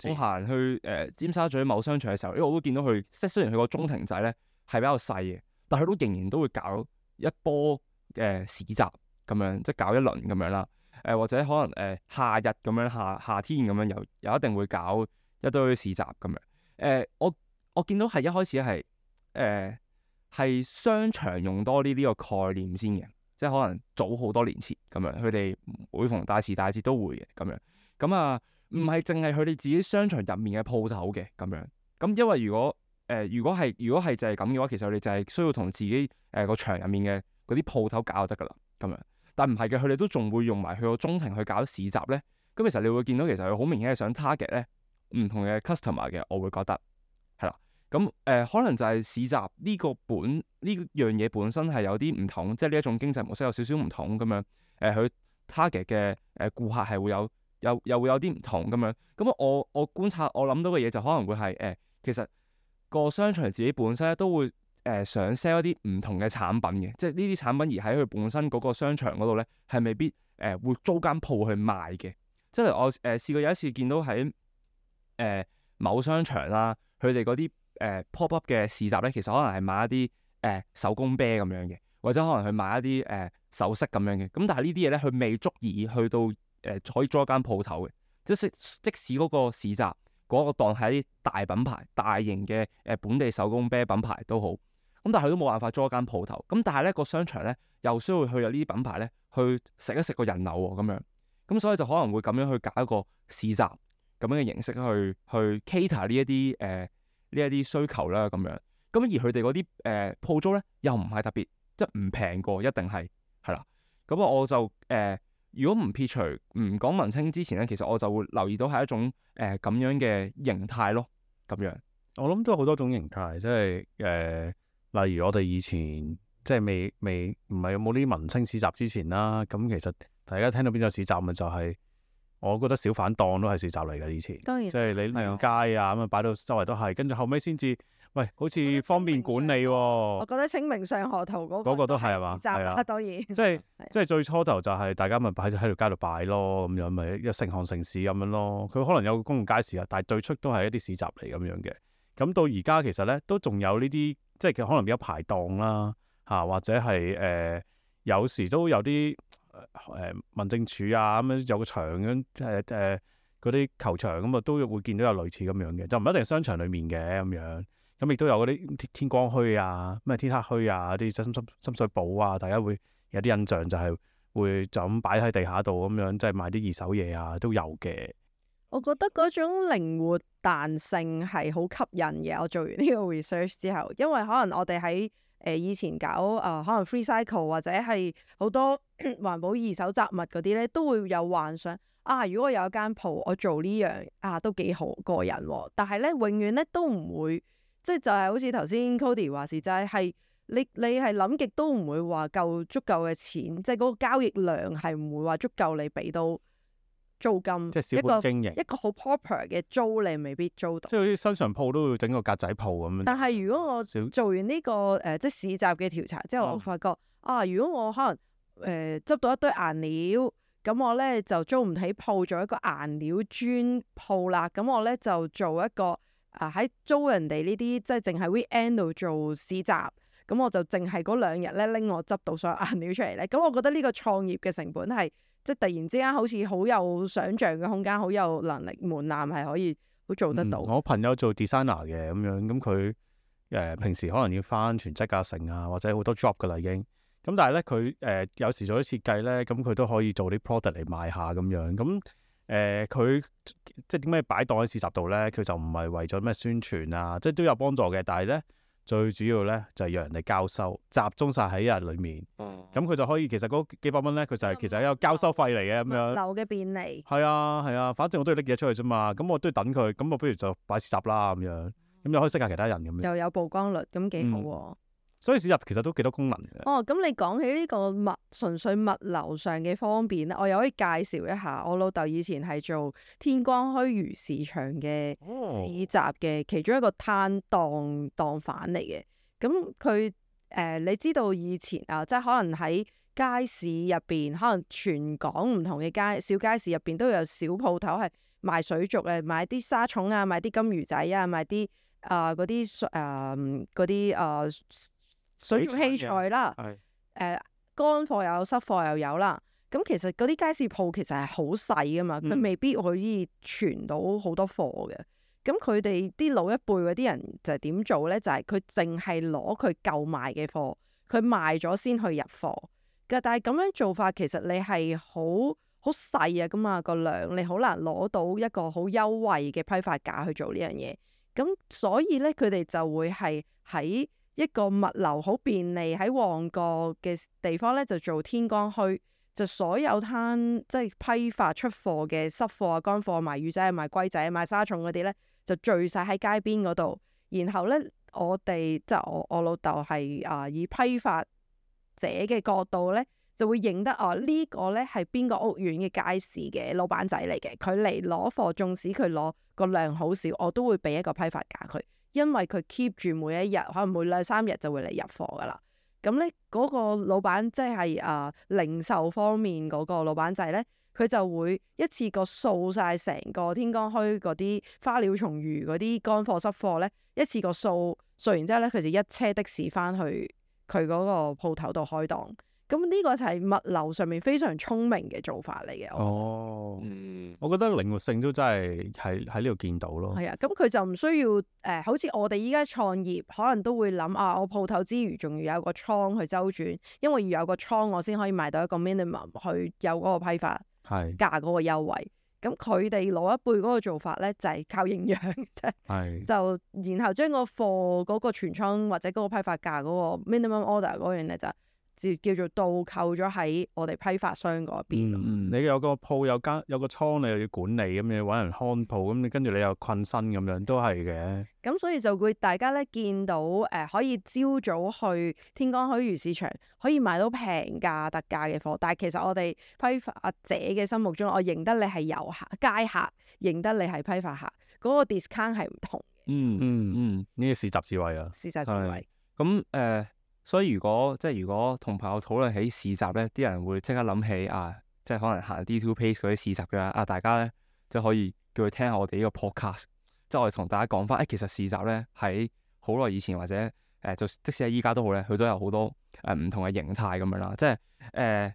我行去誒、呃、尖沙咀某商場嘅時候，因為我都見到佢，即係雖然佢個中庭仔咧係比較細嘅，但佢都仍然都會搞一波嘅、呃、市集咁樣，即搞一輪咁樣啦。誒、呃、或者可能誒、呃、夏日咁樣夏夏天咁樣又又一定會搞一堆市集咁樣。誒、呃、我我見到係一開始係誒係商場用多啲呢個概念先嘅。即係可能早好多年前咁樣，佢哋每逢大時大節都會嘅咁樣咁啊，唔係淨係佢哋自己商場入面嘅鋪頭嘅咁樣咁，因為如果誒、呃、如果係如果係就係咁嘅話，其實我哋就係需要同自己誒個、呃、場入面嘅嗰啲鋪頭搞就得噶啦咁樣，但唔係嘅，佢哋都仲會用埋去個中庭去搞市集咧。咁其實你會見到，其實佢好明顯係想 target 咧唔同嘅 customer 嘅。我會覺得。咁誒、呃，可能就係市集呢個本呢樣嘢本身係有啲唔同，即係呢一種經濟模式有少少唔同咁樣。誒、呃，佢 target 嘅誒顧客係會有又又會有啲唔同咁樣。咁我我觀察我諗到嘅嘢就可能會係誒、呃，其實個商場自己本身都會誒、呃、想 sell 一啲唔同嘅產品嘅，即係呢啲產品而喺佢本身嗰個商場嗰度咧係未必誒、呃、會租間鋪去賣嘅。即係我誒試過、呃有一次見到喺誒、呃、某商場啦、啊，佢哋嗰啲。誒、呃、pop-up 嘅市集咧，其實可能係買一啲誒、呃、手工啤咁樣嘅，或者可能去買一啲誒首飾咁樣嘅。咁但係呢啲嘢咧，佢未足以去到誒、呃、可以租一間鋪頭嘅。即使即使嗰個市集嗰、那個檔係一啲大品牌、大型嘅誒、呃、本地手工啤品牌都好，咁但係佢都冇辦法租一間鋪頭。咁但係咧個商場咧又需要去有呢啲品牌咧去食一食個人流喎、哦，咁樣咁、嗯、所以就可能會咁樣去搞一個市集咁樣嘅形式去去 cater 呢一啲誒。呢一啲需求啦，咁樣咁而佢哋嗰啲誒鋪租咧又唔係特別即係唔平過，一定係係啦。咁啊，我就誒、呃、如果唔撇除唔講文青之前咧，其實我就會留意到係一種誒咁、呃、樣嘅形態咯。咁樣我諗都有好多種形態，即係誒、呃、例如我哋以前即係未未唔係有冇啲文青市集之前啦，咁、啊、其實大家聽到邊個市集咪就係、是。我覺得小販檔都係市集嚟㗎，以前，當然，即係你沿街啊咁啊，是的 擺到周圍都係。跟住後尾先至，喂，好似方便管理喎、啊。我覺得清明上河圖嗰個，個都係市集啦、啊，當然。即係即係最初頭就係大家咪擺喺喺條街度擺咯，咁樣咪一成行成市咁樣咯。佢可能有個公共街市啊，但係對出都係一啲市集嚟咁樣嘅。咁到而家其實咧都仲有呢啲，即係可能有排檔啦，嚇、啊、或者係誒、呃，有時都有啲。誒，民政署啊，咁樣有個場咁，誒、欸、誒，嗰、欸、啲球場咁啊，都會見到有類似咁樣嘅，就唔一定係商場裏面嘅咁樣，咁亦都有嗰啲天光墟啊，咩天黑墟啊，啲深深深水埗啊，大家會有啲印象就係會就咁擺喺地下度咁樣，即係賣啲二手嘢啊，都有嘅。我覺得嗰種靈活彈性係好吸引嘅。我做完呢個 research 之後，因為可能我哋喺。誒以前搞啊、呃，可能 free cycle 或者係好多 環保二手雜物嗰啲咧，都會有幻想啊。如果我有間鋪，我做呢樣啊，都幾好過人，哦。但係咧，永遠咧都唔會，即係就係好似頭先 Cody 話齋，就係、係、你你係諗極都唔會話夠足夠嘅錢，即係嗰個交易量係唔會話足夠你俾到。租金即係小本經營 一個好 proper 嘅租，你未必租到。即係好似商場鋪都會整個格仔鋪咁樣。但係如果我做完呢、這個誒小、呃、即市集嘅調查之後，啊、我發覺啊，如果我可能誒執、呃、到一堆顏料，咁我咧就租唔起鋪做一個顏料專鋪啦。咁我咧就做一個啊喺、呃、租人哋呢啲即係淨係 weekend 度做市集。咁我就淨係嗰兩日咧拎我執到所有顏料出嚟咧。咁我覺得呢個創業嘅成本係。即係突然之間好似好有想象嘅空間，好有能力門檻係可以都做得到，嗯。我朋友做 designer 嘅咁樣，咁佢誒平時可能要翻全職啊成啊，或者好多 job 噶啦已經。咁但係咧佢誒有時做啲設計咧，咁佢都可以做啲 product 嚟賣下咁樣。咁誒佢即係點解擺檔喺市集度咧？佢就唔係為咗咩宣傳啊，即係都有幫助嘅。但係咧。最主要咧就係、是、讓人哋交收，集中晒喺一日裏面，咁佢、嗯、就可以，其實嗰幾百蚊咧，佢就係其實一個交收費嚟嘅咁樣，物流嘅便利。係啊係啊，反正我都要拎嘢出去啫嘛，咁我都要等佢，咁我不如就擺市集啦咁樣，咁又可以識下其他人咁樣，又有曝光率，咁幾好。嗯所以市集其實都幾多功能嘅。哦，咁你講起呢個物純粹物流上嘅方便咧，我又可以介紹一下。我老豆以前係做天光墟魚市場嘅市集嘅其中一個攤檔檔販嚟嘅。咁佢誒，你知道以前啊，即係可能喺街市入邊，可能全港唔同嘅街小街市入邊都有小鋪頭係賣水族嘅，賣啲沙蟲啊，賣啲金魚仔啊，賣啲啊嗰啲誒嗰啲啊。呃水煮蔬菜啦，誒的、呃，乾貨又有，濕貨又有啦。咁其實嗰啲街市鋪其實係好細噶嘛，佢、嗯、未必可以存到好多貨嘅。咁佢哋啲老一輩嗰啲人就係點做咧？就係佢淨係攞佢夠賣嘅貨，佢賣咗先去入貨。噶，但係咁樣做法其實你係好好細啊，㗎嘛。個量，你好難攞到一個好優惠嘅批發價去做呢樣嘢。咁所以咧，佢哋就會係喺。一個物流好便利喺旺角嘅地方咧，就做天光墟，就所有攤即係批發出貨嘅濕貨啊、乾貨啊、賣魚仔啊、賣龜仔啊、賣沙蟲嗰啲咧，就聚晒喺街邊嗰度。然後咧，我哋即係我我老豆係啊，以批發者嘅角度咧，就會認得啊、哦這個、呢個咧係邊個屋苑嘅街市嘅老闆仔嚟嘅。佢嚟攞貨，縱使佢攞個量好少，我都會俾一個批發價佢。因為佢 keep 住每一日，可能每兩三日就會嚟入貨噶啦。咁咧嗰個老闆即係啊、呃、零售方面嗰個老闆仔咧，佢就會一次過掃晒成個天光墟嗰啲花鳥蟲魚嗰啲乾貨濕貨咧，一次過掃掃完之後咧，佢就一車的士翻去佢嗰個鋪頭度開檔。咁呢個就係物流上面非常聰明嘅做法嚟嘅。哦，oh, 嗯，我覺得靈活性都真係喺喺呢度見到咯。係啊，咁、嗯、佢就唔需要誒、呃，好似我哋依家創業，可能都會諗啊，我鋪頭之餘，仲要有一個倉去周轉，因為要有個倉，我先可以買到一個 minimum 去有嗰個批發價嗰個優惠。咁佢哋老一輩嗰個做法咧，就係、是、靠營養啫，係 就，是就然後將個貨嗰個全倉或者嗰個批發價嗰個 minimum order 嗰樣咧就。叫做倒扣咗喺我哋批發商嗰邊。嗯，你有個鋪有間有個倉，你又要管理咁樣，揾人看鋪咁，你跟住你又困身咁樣，都係嘅。咁所以就會大家咧見到誒、呃，可以朝早去天光墟魚市場，可以買到平價特價嘅貨。但係其實我哋批發者嘅心目中，我認得你係遊客街客，認得你係批發客，嗰、那個 discount 係唔同嘅、嗯。嗯嗯嗯，呢個市集智位啊，市集智慧。咁誒。所以如果即係如果同朋友討論起市集咧，啲人會即刻諗起啊，即係可能行 D2 Place 嗰啲市集嘅啦。啊，大家咧就可以叫佢聽下我哋呢個 podcast，即係我哋同大家講返，誒、欸，其實市集咧喺好耐以前或者誒、呃，就即使係依家都好咧，佢都有好多誒唔、呃、同嘅形態咁樣啦。即係誒、呃，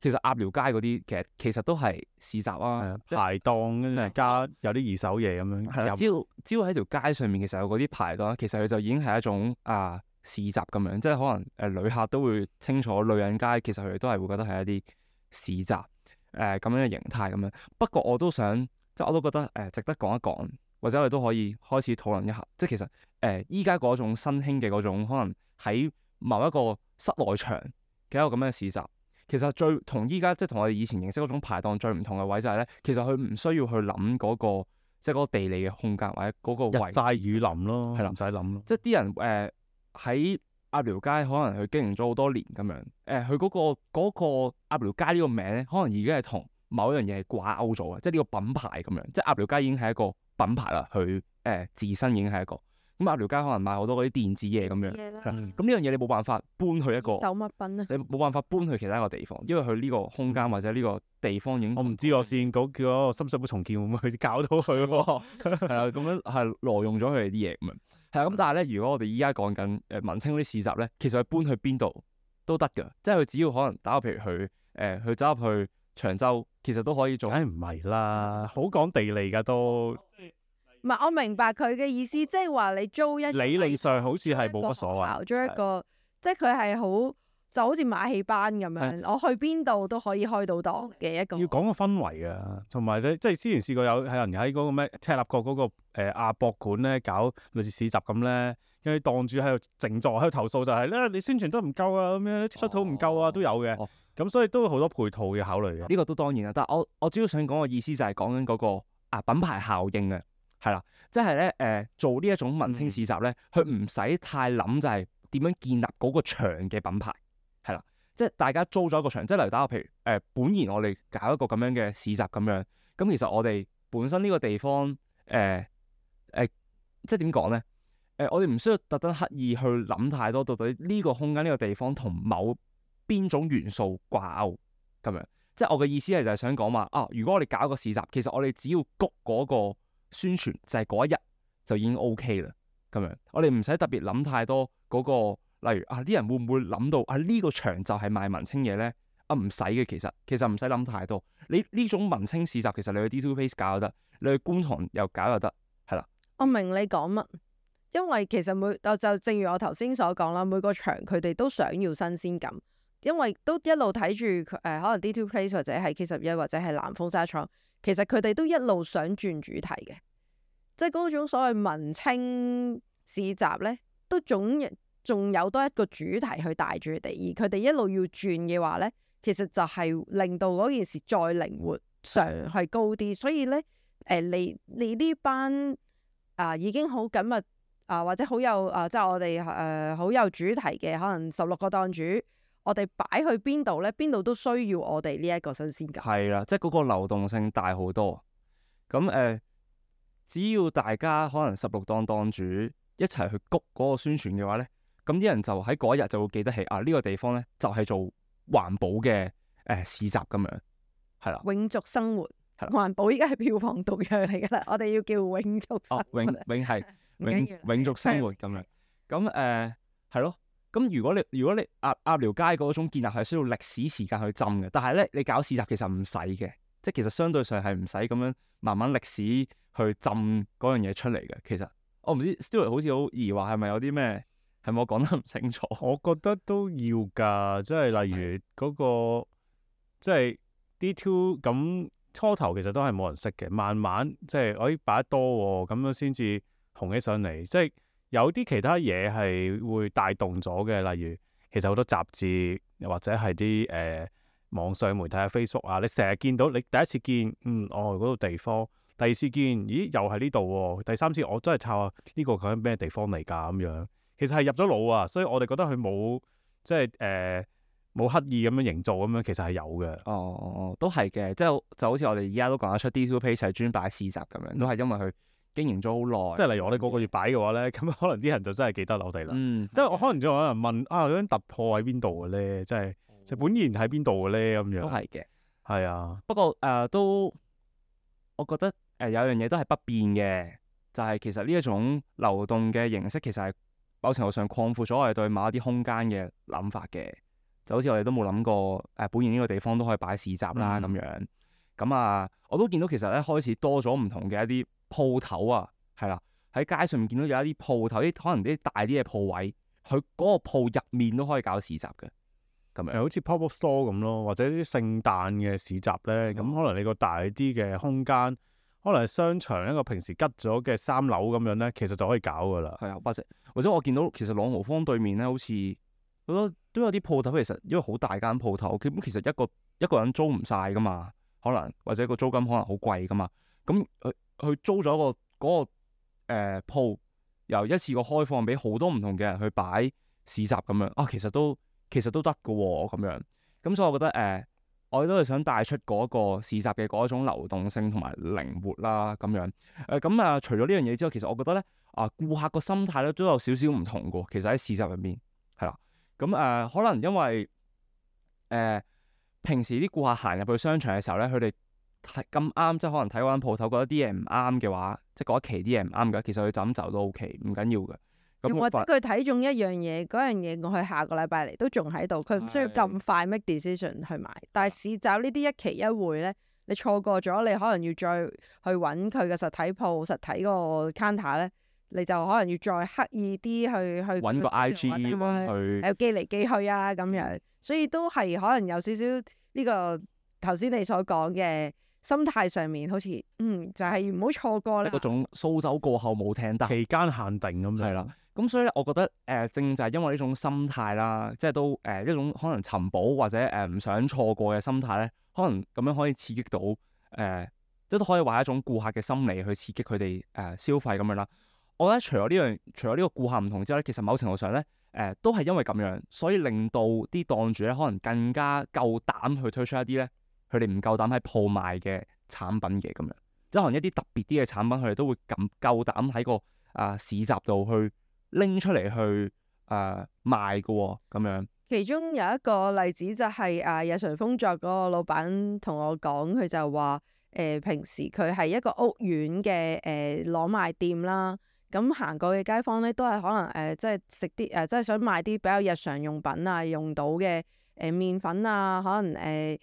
其實鴨寮街嗰啲，其實其實都係市集啦，啊，的排檔跟住加有啲二手嘢咁樣。只要喺條街上面，其實有嗰啲排檔，其實佢就已經係一種啊。市集咁樣，即係可能誒，旅、呃、客都會清楚女人街，其實佢哋都係會覺得係一啲市集誒咁、呃、樣嘅形態咁樣。不過我都想，即係我都覺得誒、呃、值得講一講，或者我哋都可以開始討論一下。即係其實誒，依家嗰種新興嘅嗰種，可能喺某一個室內場嘅一個咁樣嘅市集，其實最同依家即係同我哋以前認識嗰種排檔最唔同嘅位就係、是、咧，其實佢唔需要去諗嗰、嗰個即係嗰個地理嘅空間或者嗰個日曬雨淋咯，係唔使諗咯。即係啲人誒。呃喺鴨寮街可能佢經營咗好多年咁樣，誒、欸，佢嗰個個鴨寮街呢個名咧，可能已經係同某一樣嘢掛鉤咗啊，即係呢個品牌咁樣，即係鴨寮街已經係一個品牌啦，佢誒自身已經係一個咁鴨、嗯、寮街可能賣好多嗰啲電子嘢咁樣，咁呢樣嘢你冇辦法搬去一個手品啊，你冇辦法搬去其他一個地方，因為佢呢個空間或者呢個地方已經，我唔知啊先，嗰個、嗯，需唔需要重建去會唔會搞到佢？係啊，咁樣係挪用咗佢哋啲嘢咁啊。ashamed 係咁，但係咧，如果我哋依家講緊誒文青啲市集咧，其實佢搬去邊度都得㗎，即係佢只要可能打個譬如佢誒佢走入去長洲，其實都可以做。誒唔係啦，好講地理㗎都。唔係，我明白佢嘅意思，即係話你租一，地理上好似係冇乜所謂。咗一個，即係佢係好。就好似馬戲班咁樣，的我去邊度都可以開到檔嘅一個。要講個氛圍啊，同埋咧，即係之前試過有係人喺嗰個咩赤鱲角嗰、那個誒亞、呃、博館咧搞類似市集咁咧，跟住檔主喺度靜坐喺度投訴、就是，就係咧你宣傳都唔夠啊，咁樣出土唔夠啊，都有嘅。咁、哦哦、所以都會好多配套嘅考慮嘅。呢個都當然啦，但係我我主要想講嘅意思就係講緊嗰個啊品牌效應啊，係啦，即係咧誒做呢一種文青市集咧，佢唔使太諗就係點樣建立嗰個場嘅品牌。即係大家租咗一個場，即係例如打個譬如，誒、呃，本研我哋搞一個咁樣嘅市集咁樣，咁其實我哋本身呢個地方，誒、呃，誒、呃，即係點講咧？誒、呃，我哋唔需要特登刻意去諗太多，到底呢個空間呢、這個地方同某邊種元素掛鈎咁樣。即係我嘅意思係就係想講話，啊，如果我哋搞一個市集，其實我哋只要谷嗰個宣傳就係、是、嗰一日就已經 O K 啦。咁樣，我哋唔使特別諗太多嗰、那個。例如啊，啲人會唔會諗到啊？呢個場就係賣文青嘢咧？啊，唔使嘅，其實其實唔使諗太多。你呢種文青市集，其實你去 D2 Place 搞就得，你去觀塘又搞就得，係啦。我明你講乜，因為其實每就正如我頭先所講啦，每個場佢哋都想要新鮮感，因為都一路睇住佢誒，可能 D2 Place 或者係 K11 或者係南豐紗廠，其實佢哋都一路想轉主題嘅，即係嗰種所謂文青市集呢，都總仲有多一個主題去帶住佢哋，而佢哋一路要轉嘅話呢，其實就係令到嗰件事再靈活上係高啲。嗯、所以呢，誒、呃，你你呢班啊、呃、已經好緊密啊、呃，或者好有啊、呃，即係我哋誒好有主題嘅，可能十六個檔主，我哋擺去邊度呢？邊度都需要我哋呢一個新鮮感。係啦，即係嗰個流動性大好多。咁誒、呃，只要大家可能十六檔檔主一齊去谷嗰個宣傳嘅話呢。咁啲、嗯、人就喺嗰一日就會記得起啊！呢、這個地方咧就係、是、做環保嘅誒、呃、市集咁樣，係啦。永續生活係啦，環保依家係票房毒藥嚟噶啦，我哋要叫永續。哦，永永係永永續生活咁樣。咁誒係咯。咁、呃嗯、如，如果你如果你鴨鴨寮街嗰種建立係需要歷史時間去浸嘅，但係咧你搞市集其實唔使嘅，即係其實相對上係唔使咁樣慢慢歷史去浸嗰樣嘢出嚟嘅。其實我唔、哦、知 Stuart 好似好疑惑係咪有啲咩？係咪我講得唔清楚？我覺得都要噶即係例如嗰個是即係 D two 咁初頭其實都係冇人識嘅，慢慢即係可以擺得多哦，咁樣先至紅起上嚟。即係有啲其他嘢係會帶動咗嘅，例如其實好多雜誌又或者係啲誒網上媒體啊、Facebook 啊，你成日見到你第一次見，嗯哦嗰度地方，第二次見咦又係呢度，第三次我真係查下呢個究竟咩地方嚟噶咁樣。其實係入咗腦啊，所以我哋覺得佢冇即係誒冇刻意咁樣營造咁樣，其實係有嘅。哦，都係嘅，即係就好似我哋而家都講得出 D2 Place 係專擺市集咁樣，都係因為佢經營咗好耐。即係例如我哋個個月擺嘅話咧，咁、嗯、可能啲人就真係記得我哋啦。即係我可能仲有人問啊，想突破喺邊度嘅咧？即係就本然喺邊度嘅咧？咁樣都係嘅，係啊。不過誒、呃，都我覺得誒、呃、有樣嘢都係不變嘅，就係、是、其實呢一種流動嘅形式，其實係。某程度上擴闊咗我哋對某一啲空間嘅諗法嘅，就好似我哋都冇諗過，誒、呃、本研呢個地方都可以擺市集啦咁樣。咁、嗯、啊、嗯嗯，我都見到其實咧開始多咗唔同嘅一啲鋪頭啊，係啦，喺街上面見到有一啲鋪頭，啲可能啲大啲嘅鋪位，佢嗰個鋪入面都可以搞市集嘅，咁樣。好似、嗯、pop-up store 咁咯，或者啲聖誕嘅市集咧，咁、嗯嗯、可能你個大啲嘅空間。可能係商場一個平時吉咗嘅三樓咁樣咧，其實就可以搞噶啦。係啊，或者或者我見到其實朗豪坊對面咧，好似好多都有啲鋪頭，其實因為好大間鋪頭，咁其實一個一個人租唔晒噶嘛，可能或者個租金可能好貴噶嘛，咁佢佢租咗、個嗰個誒鋪，由一次過開放俾好多唔同嘅人去擺市集咁樣啊，其實都其實都得噶喎，咁樣咁所以我覺得誒。呃我都係想帶出嗰個市集嘅嗰種流動性同埋靈活啦，咁樣誒，咁、呃、啊、呃，除咗呢樣嘢之外，其實我覺得咧啊、呃，顧客個心態咧都有少少唔同嘅，其實喺市集入面，係啦，咁、嗯、誒、呃，可能因為誒、呃、平時啲顧客行入去商場嘅時候咧，佢哋睇咁啱，即係可能睇嗰間鋪頭覺得啲嘢唔啱嘅話，即係嗰一期啲嘢唔啱嘅，其實佢走唔走都 OK，唔緊要嘅。或者佢睇中一樣嘢，嗰 樣嘢我去下個禮拜嚟都仲喺度，佢唔需要咁快 make decision 去買。但係市集呢啲一期一會咧， 你錯過咗，你可能要再去揾佢嘅實體鋪、實體個 counter 咧，你就可能要再刻意啲去去揾個 IG 去，有去寄嚟寄去啊咁樣，所以都係可能有少少呢個頭先你所講嘅。心態上面好似，嗯，就係唔好錯過咧。嗰種蘇州過後冇艇搭，但期間限定咁樣。係啦、嗯，咁所以咧，我覺得誒、呃，正就係因為呢種心態啦，即係都誒、呃、一種可能尋寶或者誒唔、呃、想錯過嘅心態咧，可能咁樣可以刺激到誒、呃，即都可以話一種顧客嘅心理去刺激佢哋誒消費咁樣啦。我覺得除咗呢樣，除咗呢個顧客唔同之外咧，其實某程度上咧，誒、呃、都係因為咁樣，所以令到啲檔主咧可能更加夠膽去推出一啲咧。佢哋唔夠膽喺鋪賣嘅產品嘅咁樣，即係可能一啲特別啲嘅產品，佢哋都會咁夠膽喺個啊、呃、市集度去拎出嚟去誒、呃、賣嘅喎咁樣。其中有一個例子就係啊，日常工作嗰個老闆同我講，佢就話誒、呃、平時佢係一個屋苑嘅誒攞賣店啦，咁行過嘅街坊咧都係可能誒、呃、即係食啲誒即係想買啲比較日常用品啊用到嘅誒麵粉啊可能誒。呃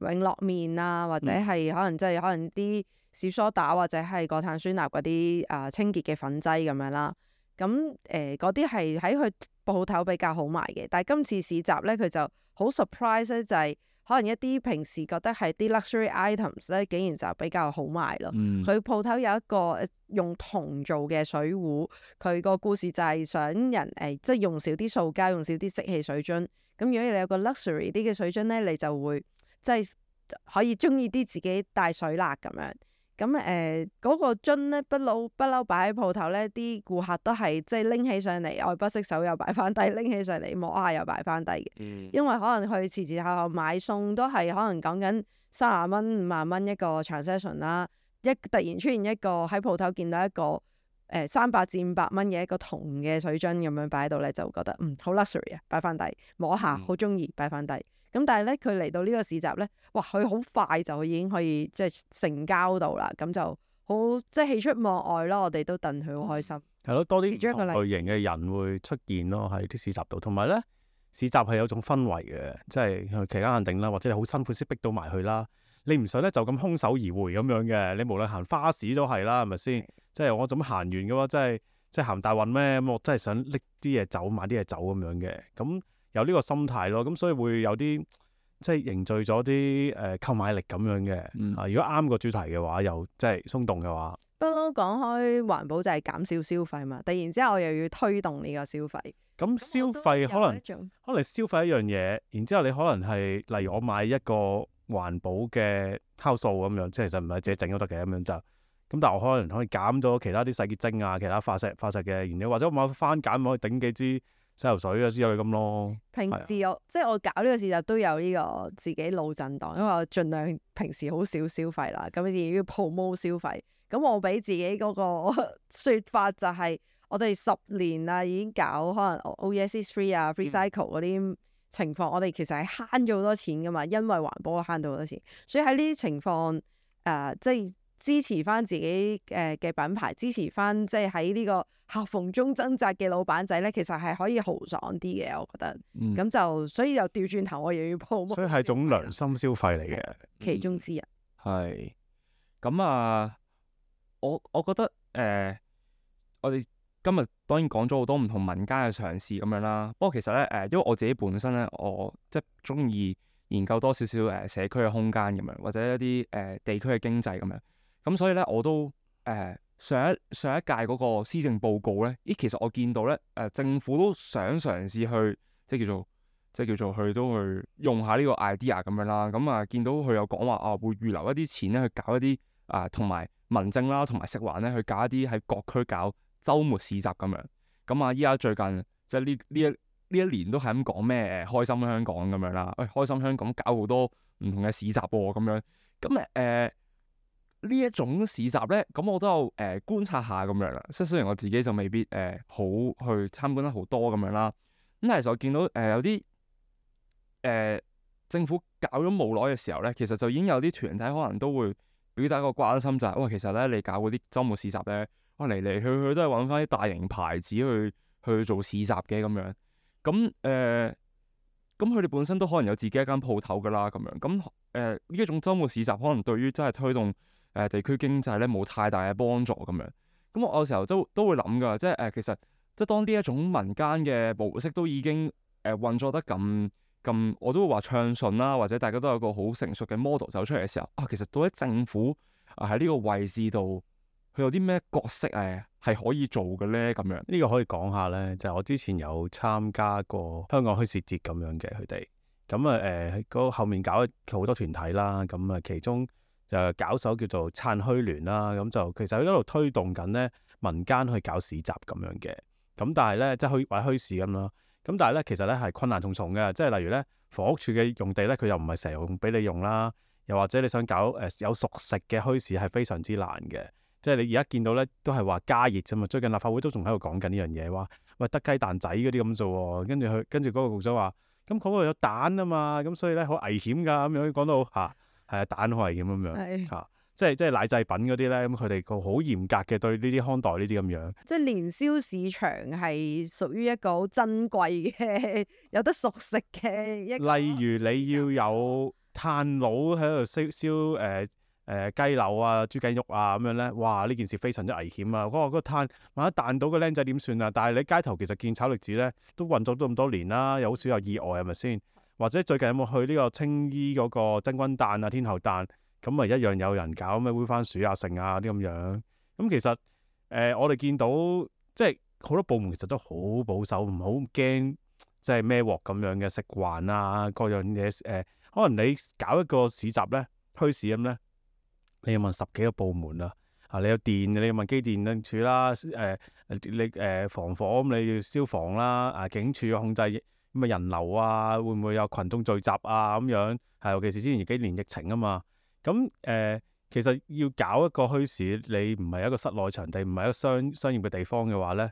永樂面啊，或者係可能即係可能啲小梳打或者係過碳酸鈉嗰啲啊清潔嘅粉劑咁樣啦。咁誒嗰啲係喺佢鋪頭比較好賣嘅。但係今次市集咧，佢就好 surprise 咧，就係可能一啲平時覺得係啲 luxury items 咧，竟然就比較好賣咯。佢鋪頭有一個用銅做嘅水壺，佢個故事就係想人誒、呃，即係用少啲塑膠，用少啲即棄水樽。咁如果你有個 luxury 啲嘅水樽咧，你就會。即係可以中意啲自己帶水壺咁樣，咁誒嗰個樽咧不嬲不嬲擺喺鋪頭咧，啲顧客都係即係拎起上嚟愛不釋手又擺翻低，拎起上嚟摸下又擺翻低嘅。嗯、因為可能佢時時下下買餸都係可能講緊三十蚊五萬蚊一個 transaction 啦，一突然出現一個喺鋪頭見到一個誒三百至五百蚊嘅一個銅嘅水樽咁樣擺喺度咧，就會覺得嗯好 luxury 啊，擺翻低摸下好中意，擺翻低。嗯咁但係咧，佢嚟到呢個市集咧，哇！佢好快就已經可以即係成交到啦，咁就好即係喜出望外咯。我哋都戥佢好開心。係咯，多啲類型嘅人會出現咯喺啲市集度，同埋咧市集係有種氛圍嘅，即係期間限定啦，或者你好辛苦先逼到埋去啦。你唔想咧就咁空手而回咁樣嘅？你無論行花市都係啦，係咪先？即係我咁行完嘅話，即係即係行大運咩？咁我真係想拎啲嘢走，買啲嘢走咁樣嘅。咁有呢個心態咯，咁所以會有啲即係凝聚咗啲誒購買力咁樣嘅。啊、嗯，如果啱個主題嘅話，又即係鬆動嘅話。不嬲講開環保就係減少消費嘛，突然之間我又要推動呢個消費。咁消費可能可能消費一樣嘢，然之後你可能係例如我買一個環保嘅酵素咁樣，即係就唔係自己整都得嘅咁樣就。咁但係我可能可以減咗其他啲洗潔精啊，其他化石化石嘅原料，或者我買番梘可以頂幾支。洗頭水啊之類咁咯。平時我、啊、即係我搞呢個事就都有呢個自己腦震盪，因為我儘量平時好少消費啦。咁而要 promote 消費，咁我俾自己嗰個説法就係，我哋十年啊已經搞可能 OES free 啊、嗯、free cycle 嗰啲情況，我哋其實係慳咗好多錢㗎嘛，因為環保慳到好多錢。所以喺呢啲情況誒、呃，即係。支持翻自己誒嘅品牌，支持翻即係喺呢個夾縫中掙扎嘅老闆仔咧，其實係可以豪爽啲嘅，我覺得。咁、嗯、就所以又調轉頭，我又要鋪。所以係種良心消費嚟嘅，其中之一。係、嗯。咁啊，我我覺得誒、呃，我哋今日當然講咗好多唔同民間嘅嘗試咁樣啦。不過其實咧誒、呃，因為我自己本身咧，我即係中意研究多，多少少誒、呃、社區嘅空間咁樣，或者一啲誒、呃、地區嘅經濟咁樣。咁所以咧，我都誒、呃、上一上一屆嗰個施政報告咧，咦，其實我見到咧誒、呃、政府都想嘗試去即係叫做即係叫做去，都去用下呢個 idea 咁樣啦。咁啊，見到佢有講話啊，會預留一啲錢咧去搞一啲啊，同埋民政啦、啊，同埋食環咧去搞一啲喺各區搞週末市集咁樣。咁啊，依家最近即係呢呢一呢一年都係咁講咩？誒，開心香港咁樣啦，誒、哎，開心香港搞好多唔同嘅市集喎、啊，咁樣咁誒誒。啊呃呢一種市集咧，咁我都有誒、呃、觀察下咁樣啦。即係雖然我自己就未必誒、呃、好去參觀得好多咁樣啦。咁但係我見到誒、呃、有啲誒、呃、政府搞咗冇耐嘅時候咧，其實就已經有啲團體可能都會表達一個關心、就係，就係哇，其實咧你搞嗰啲周末市集咧，哇嚟嚟去去都係揾翻啲大型牌子去去做市集嘅咁樣。咁誒咁佢哋本身都可能有自己一間鋪頭噶啦咁樣。咁誒呢一種周末市集，可能對於真係推動，誒地區經濟咧冇太大嘅幫助咁樣，咁我有時候都都會諗㗎，即係誒其實即係當呢一種民間嘅模式都已經誒運作得咁咁，我都會話暢順啦，或者大家都有一個好成熟嘅 model 走出嚟嘅時候，啊其實到底政府喺呢個位置度，佢有啲咩角色誒係可以做嘅咧？咁樣呢個可以講下咧，就係、是、我之前有參加過香港墟市節咁樣嘅佢哋，咁啊誒喺嗰後面搞咗好多團體啦，咁啊其中。就搞手叫做撐墟聯啦，咁就其實佢一路推動緊咧民間去搞市集咁樣嘅，咁但係咧即係虛擺墟市咁咯，咁但係咧其實咧係困難重重嘅，即係例如咧房屋處嘅用地咧佢又唔係成日用俾你用啦，又或者你想搞誒、呃、有熟食嘅墟市係非常之難嘅，即係你而家見到咧都係話加熱啫嘛，最近立法會都仲喺度講緊呢樣嘢話，喂，得雞蛋仔嗰啲咁做、哦，跟住佢跟住嗰個局長話，咁嗰度有蛋啊嘛，咁所以咧好危險㗎，咁、嗯、樣講到嚇。啊係啊，蛋好危險咁樣嚇，即係即係奶製品嗰啲咧，咁佢哋個好嚴格嘅對呢啲看待。呢啲咁樣。即係年宵市場係屬於一個好珍貴嘅， 有得熟食嘅一。例如你要有炭佬喺度燒燒誒誒、呃、雞柳啊、豬頸肉啊咁樣咧，哇！呢件事非常之危險啊！嗰、嗰個炭，萬一彈到個僆仔點算啊？但係你喺街頭其實見炒栗子咧，都運作咗咁多年啦、啊，有好少有意外係咪先？是或者最近有冇去呢個青衣嗰個真君誕啊、天后誕咁咪一樣有人搞咩煨番薯啊、剩啊啲咁樣咁、嗯、其實誒、呃、我哋見到即係好多部門其實都好保守，唔好驚即係孭鑊咁樣嘅食環啊各樣嘢誒、呃，可能你搞一個市集咧墟市咁咧，你要問十幾個部門啦啊，啊，你有電你要問機電處啦誒你誒、呃、防火咁你要消防啦啊警署要控制。咪人流啊，會唔會有群眾聚集啊？咁樣係，尤其是之前幾年疫情啊嘛。咁誒、呃，其實要搞一個墟市，你唔係一個室內場地，唔係一個商商業嘅地方嘅話咧，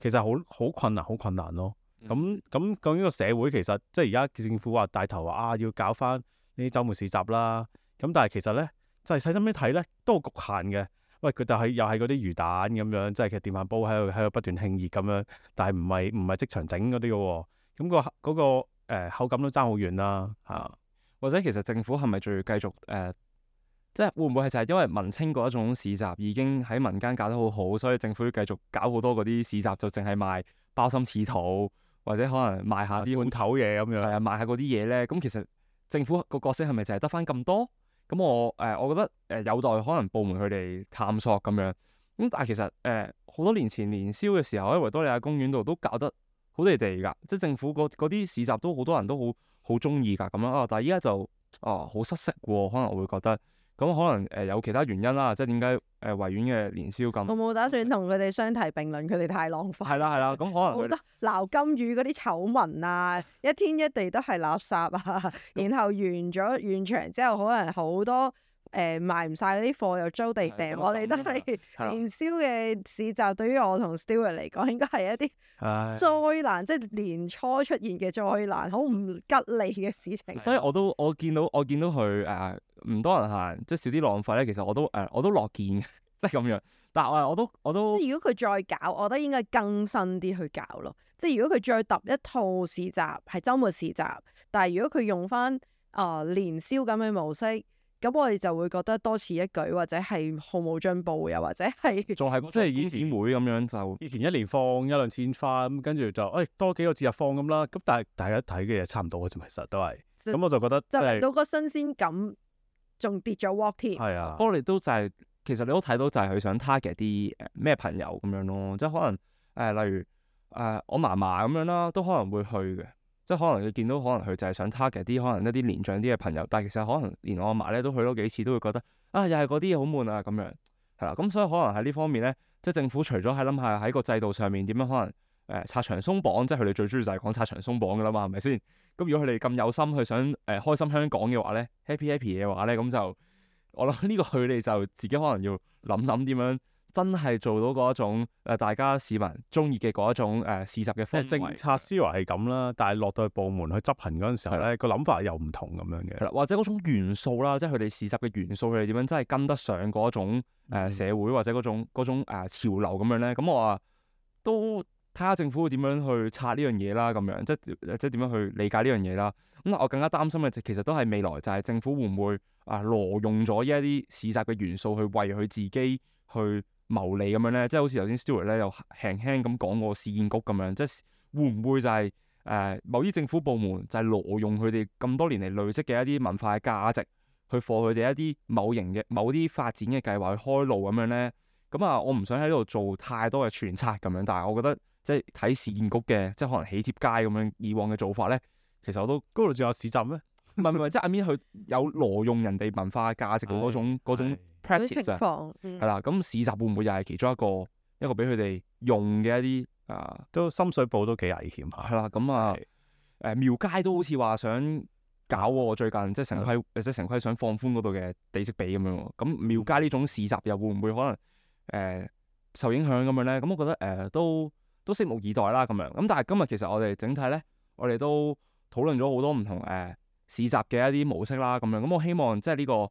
其實好好困難，好困難咯。咁咁咁究竟個社會其實即係而家政府話帶頭話啊，要搞翻呢啲週末市集啦。咁但係其實咧，真、就、係、是、細心啲睇咧，都好侷限嘅。喂，佢就係、是、又係嗰啲魚蛋咁樣，即係其實電飯煲喺度喺度不斷興熱咁樣，但係唔係唔係即場整嗰啲嘅喎。咁、那個嗰、那個誒、呃、口感都爭好遠啦、啊，嚇、啊！或者其實政府係咪仲要繼續誒、呃？即係會唔會係就係因為文青嗰種市集已經喺民間搞得好好，所以政府要繼續搞好多嗰啲市集，就淨係賣包心刺肚，或者可能賣下啲碗頭嘢咁樣。係啊，賣下嗰啲嘢咧。咁其實政府個角色係咪就係得返咁多？咁我誒、呃，我覺得誒有待可能部門佢哋探索咁樣。咁但係其實誒，好、呃、多年前年宵嘅時候喺維多利亞公園度都搞得好地地噶，即係政府嗰啲市集都好多人都好好中意噶咁樣啊！但係而家就啊好、哦、失色嘅，可能我會覺得咁可能誒、呃、有其他原因啦，即係點解誒維園嘅年宵咁？我冇打算同佢哋相提並論，佢哋太浪費。係啦係啦，咁可能好多撈金魚嗰啲醜聞啊，一天一地都係垃圾啊， 然後完咗現場之後，可能好多。誒賣唔晒嗰啲貨又租地訂，是我哋都係年宵嘅市集。的對於我同 Stewart 嚟講，應該係一啲災難，的即係年初出現嘅災難，好唔吉利嘅事情。的的所以我都我見到我見到佢誒唔多人行，即係少啲浪費咧。其實我都誒、呃、我都樂見即係咁樣。但係我、我都我都即係如果佢再搞，我覺得應該更新啲去搞咯。即係如果佢再揼一套市集，係周末市集，但係如果佢用翻啊、呃呃、年宵咁嘅模式。咁我哋就會覺得多此一舉，或者係毫無進步，又或者係仲係即係以前會咁樣，就以前一年放一兩千花，咁跟住就誒、哎、多幾個節日放咁啦。咁但係大家睇嘅嘢差唔多嘅啫，其實都係。咁就我就覺得就令、是、到個新鮮感仲跌咗鑊添。係啊，不過你都就係、是、其實你都睇到就係佢想 target 啲咩朋友咁樣咯，即係可能誒、呃、例如誒、呃、我嫲嫲咁樣啦，都可能會去嘅。即係可能你見到，可能佢就係想 target 啲可能一啲年長啲嘅朋友，但係其實可能連我阿嫲咧都去多幾次，都會覺得啊，又係嗰啲好悶啊咁樣，係啦，咁、嗯、所以可能喺呢方面咧，即係政府除咗喺諗下喺個制度上面點樣可能誒拆牆鬆綁，即係佢哋最中意就係講拆牆鬆綁嘅啦嘛，係咪先？咁如果佢哋咁有心去想誒、呃、開心香港嘅話咧，happy happy 嘅話咧，咁就我諗呢個佢哋就自己可能要諗諗點樣。真係做到嗰一種誒，大家市民中意嘅嗰一種誒、呃，市集嘅方式，即係政策思維係咁啦，但係落到去部門去執行嗰陣時候咧，是的 個諗法又唔同咁樣嘅。或者嗰種元素啦，即係佢哋市集嘅元素，佢哋點樣真係跟得上嗰種、呃、社會或者嗰種嗰、啊、潮流咁樣咧？咁我啊都睇下政府會點樣去拆呢樣嘢啦，咁樣即係即係點樣去理解呢樣嘢啦？咁我更加擔心嘅、就係、其實都係未來就係政府會唔會啊挪用咗呢一啲市集嘅元素去為佢自己去。牟利咁樣咧，即係好似頭先 Stewart 咧又輕輕咁講過市政局咁樣，即係會唔會就係、是、誒、呃、某啲政府部門就係挪用佢哋咁多年嚟累積嘅一啲文化嘅價值，去貨佢哋一啲某型嘅某啲發展嘅計劃去開路咁樣咧？咁、嗯、啊，我唔想喺呢度做太多嘅揣測咁樣，但係我覺得即係睇市政局嘅，即係可能喜帖街咁樣以往嘅做法咧，其實我都嗰度仲有市集咩？唔係唔係，即係阿 Min 佢有挪用人哋文化價值嘅種嗰種。哎情況係啦，咁、嗯、市集會唔會又係其中一個一個俾佢哋用嘅一啲啊，都深水埗都幾危險，係啦的，咁啊，誒廟街都好似話想搞喎，最近、嗯、即係城規，即係城規想放寬嗰度嘅地積比咁樣，咁、嗯、廟、嗯嗯、街呢種市集又會唔會可能誒、呃、受影響咁樣咧？咁、嗯、我覺得誒、呃、都都拭目以待啦，咁樣。咁、嗯、但係今日其實我哋整體咧，我哋都討論咗好多唔同誒、呃、市集嘅一啲模式啦，咁樣。咁我希望即係、這、呢個。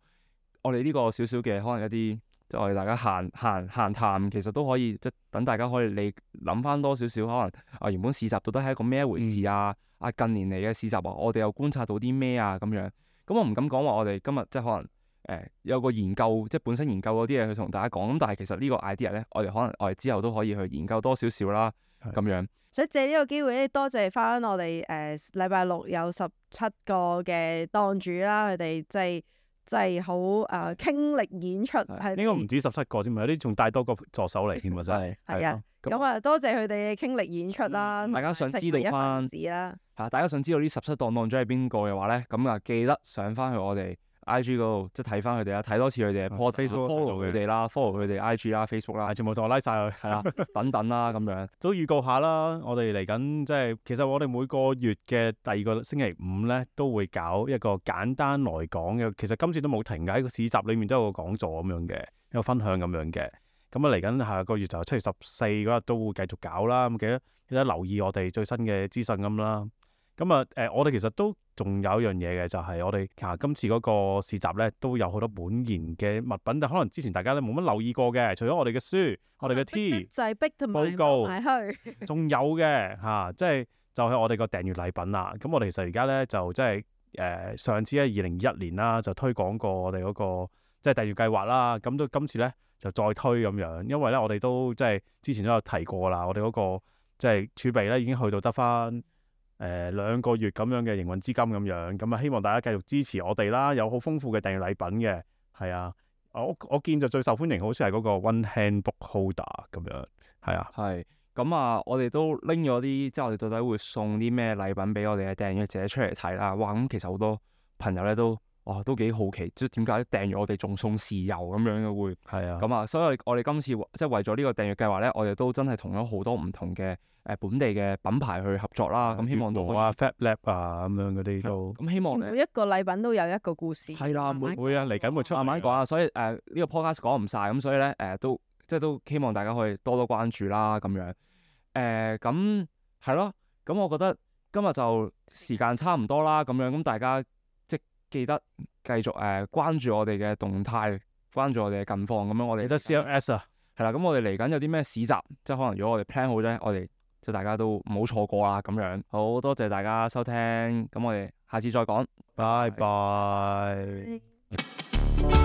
我哋呢個少少嘅可能一啲，即我哋大家閒閒閒談，其實都可以，即等大家可以你諗翻多少少，可能啊原本市集到底係一個咩回事啊？啊、嗯、近年嚟嘅市集啊，我哋又觀察到啲咩啊？咁樣，咁我唔敢講話，我哋今日即係可能誒、呃、有個研究，即係本身研究嗰啲嘢去同大家講。咁但係其實個呢個 idea 咧，我哋可能我哋之後都可以去研究多少少啦，咁是的 樣。所以借呢個機會咧，多謝翻我哋誒禮拜六有十七個嘅檔主啦，佢哋即係。就係好誒傾力演出，係應該唔止十七個添，有啲仲帶多個助手嚟添喎，真係。係啊，咁啊，多謝佢哋嘅傾力演出啦。大家想知道翻嚇，大家想知道呢十七檔檔中係邊個嘅話咧，咁啊記得上翻去我哋 I G 嗰度即係睇翻佢哋啊，睇多次佢哋嘅 post，follow 佢哋啦，follow 佢哋 I G 啦，Facebook 啦，全部同我拉晒佢，係啦，等等啦咁樣，都預告下啦。我哋嚟緊即係其實我哋每個月嘅第二個星期五咧都會搞一個簡單來講嘅，其實今次都冇停㗎，喺個市集裡面都有個講座咁樣嘅，有個分享咁樣嘅。咁啊嚟緊下個月就七月十四嗰日都會繼續搞啦，咁記得記得留意我哋最新嘅資訊咁啦。咁啊，誒、呃，我哋其實都仲有一樣嘢嘅，就係、是、我哋、啊、今次嗰個市集呢，都有好多本研嘅物品，但可能之前大家呢冇乜留意過嘅，除咗我哋嘅書、我哋嘅 t 就係 b i 報告，仲有嘅嚇、啊，即係就係我哋個訂閱禮品啦。咁、啊嗯、我哋其實而家呢，就即係誒上次喺二零二一年啦，就推廣過我哋嗰、那個即係、就是、訂閱計劃啦。咁、啊嗯、都今次呢，就再推咁樣，因為呢，我哋都即係之前都有提過啦，我哋嗰、那個即係、就是、儲備呢已經去到得翻。誒，兩個月咁樣嘅營運資金咁樣，咁啊希望大家繼續支持我哋啦，有好豐富嘅訂閱禮品嘅，係啊，我我見就最受歡迎好似係嗰個 One Hand Book Holder 咁樣，係啊，係，咁啊我哋都拎咗啲，即係我哋到底會送啲咩禮品俾我哋嘅訂閱者出嚟睇啦，哇，咁其實好多朋友咧都。哇、哦，都幾好奇，即點解訂閱我哋仲送豉油咁樣嘅會？係啊，咁啊，所以我哋今次即係為咗呢個,個訂閱計劃咧，我哋都真係同咗好多唔同嘅誒本地嘅品牌去合作啦。咁、uh, waters 希望同啊 Fat Lab 啊咁樣嗰啲都。咁希望每一個禮品都有一個故事。係啦、啊，唔會,會啊，嚟緊會出慢慢講啊。所以誒，呢、uh, 個 podcast 講唔晒，咁，所以咧誒，都、uh, 即係都希望大家可以多多關注啦。咁樣誒，咁係咯，咁我覺得今日就時間差唔多啦。咁辯琉樣咁大家。記得繼續誒、呃、關注我哋嘅動態，關注我哋嘅近況咁樣，我哋都 CMS 啊，係啦、啊，咁我哋嚟緊有啲咩市集，即係可能如果我哋 plan 好咧，我哋就大家都唔好錯過啦咁樣。好多謝大家收聽，咁我哋下次再講，bye bye 拜拜。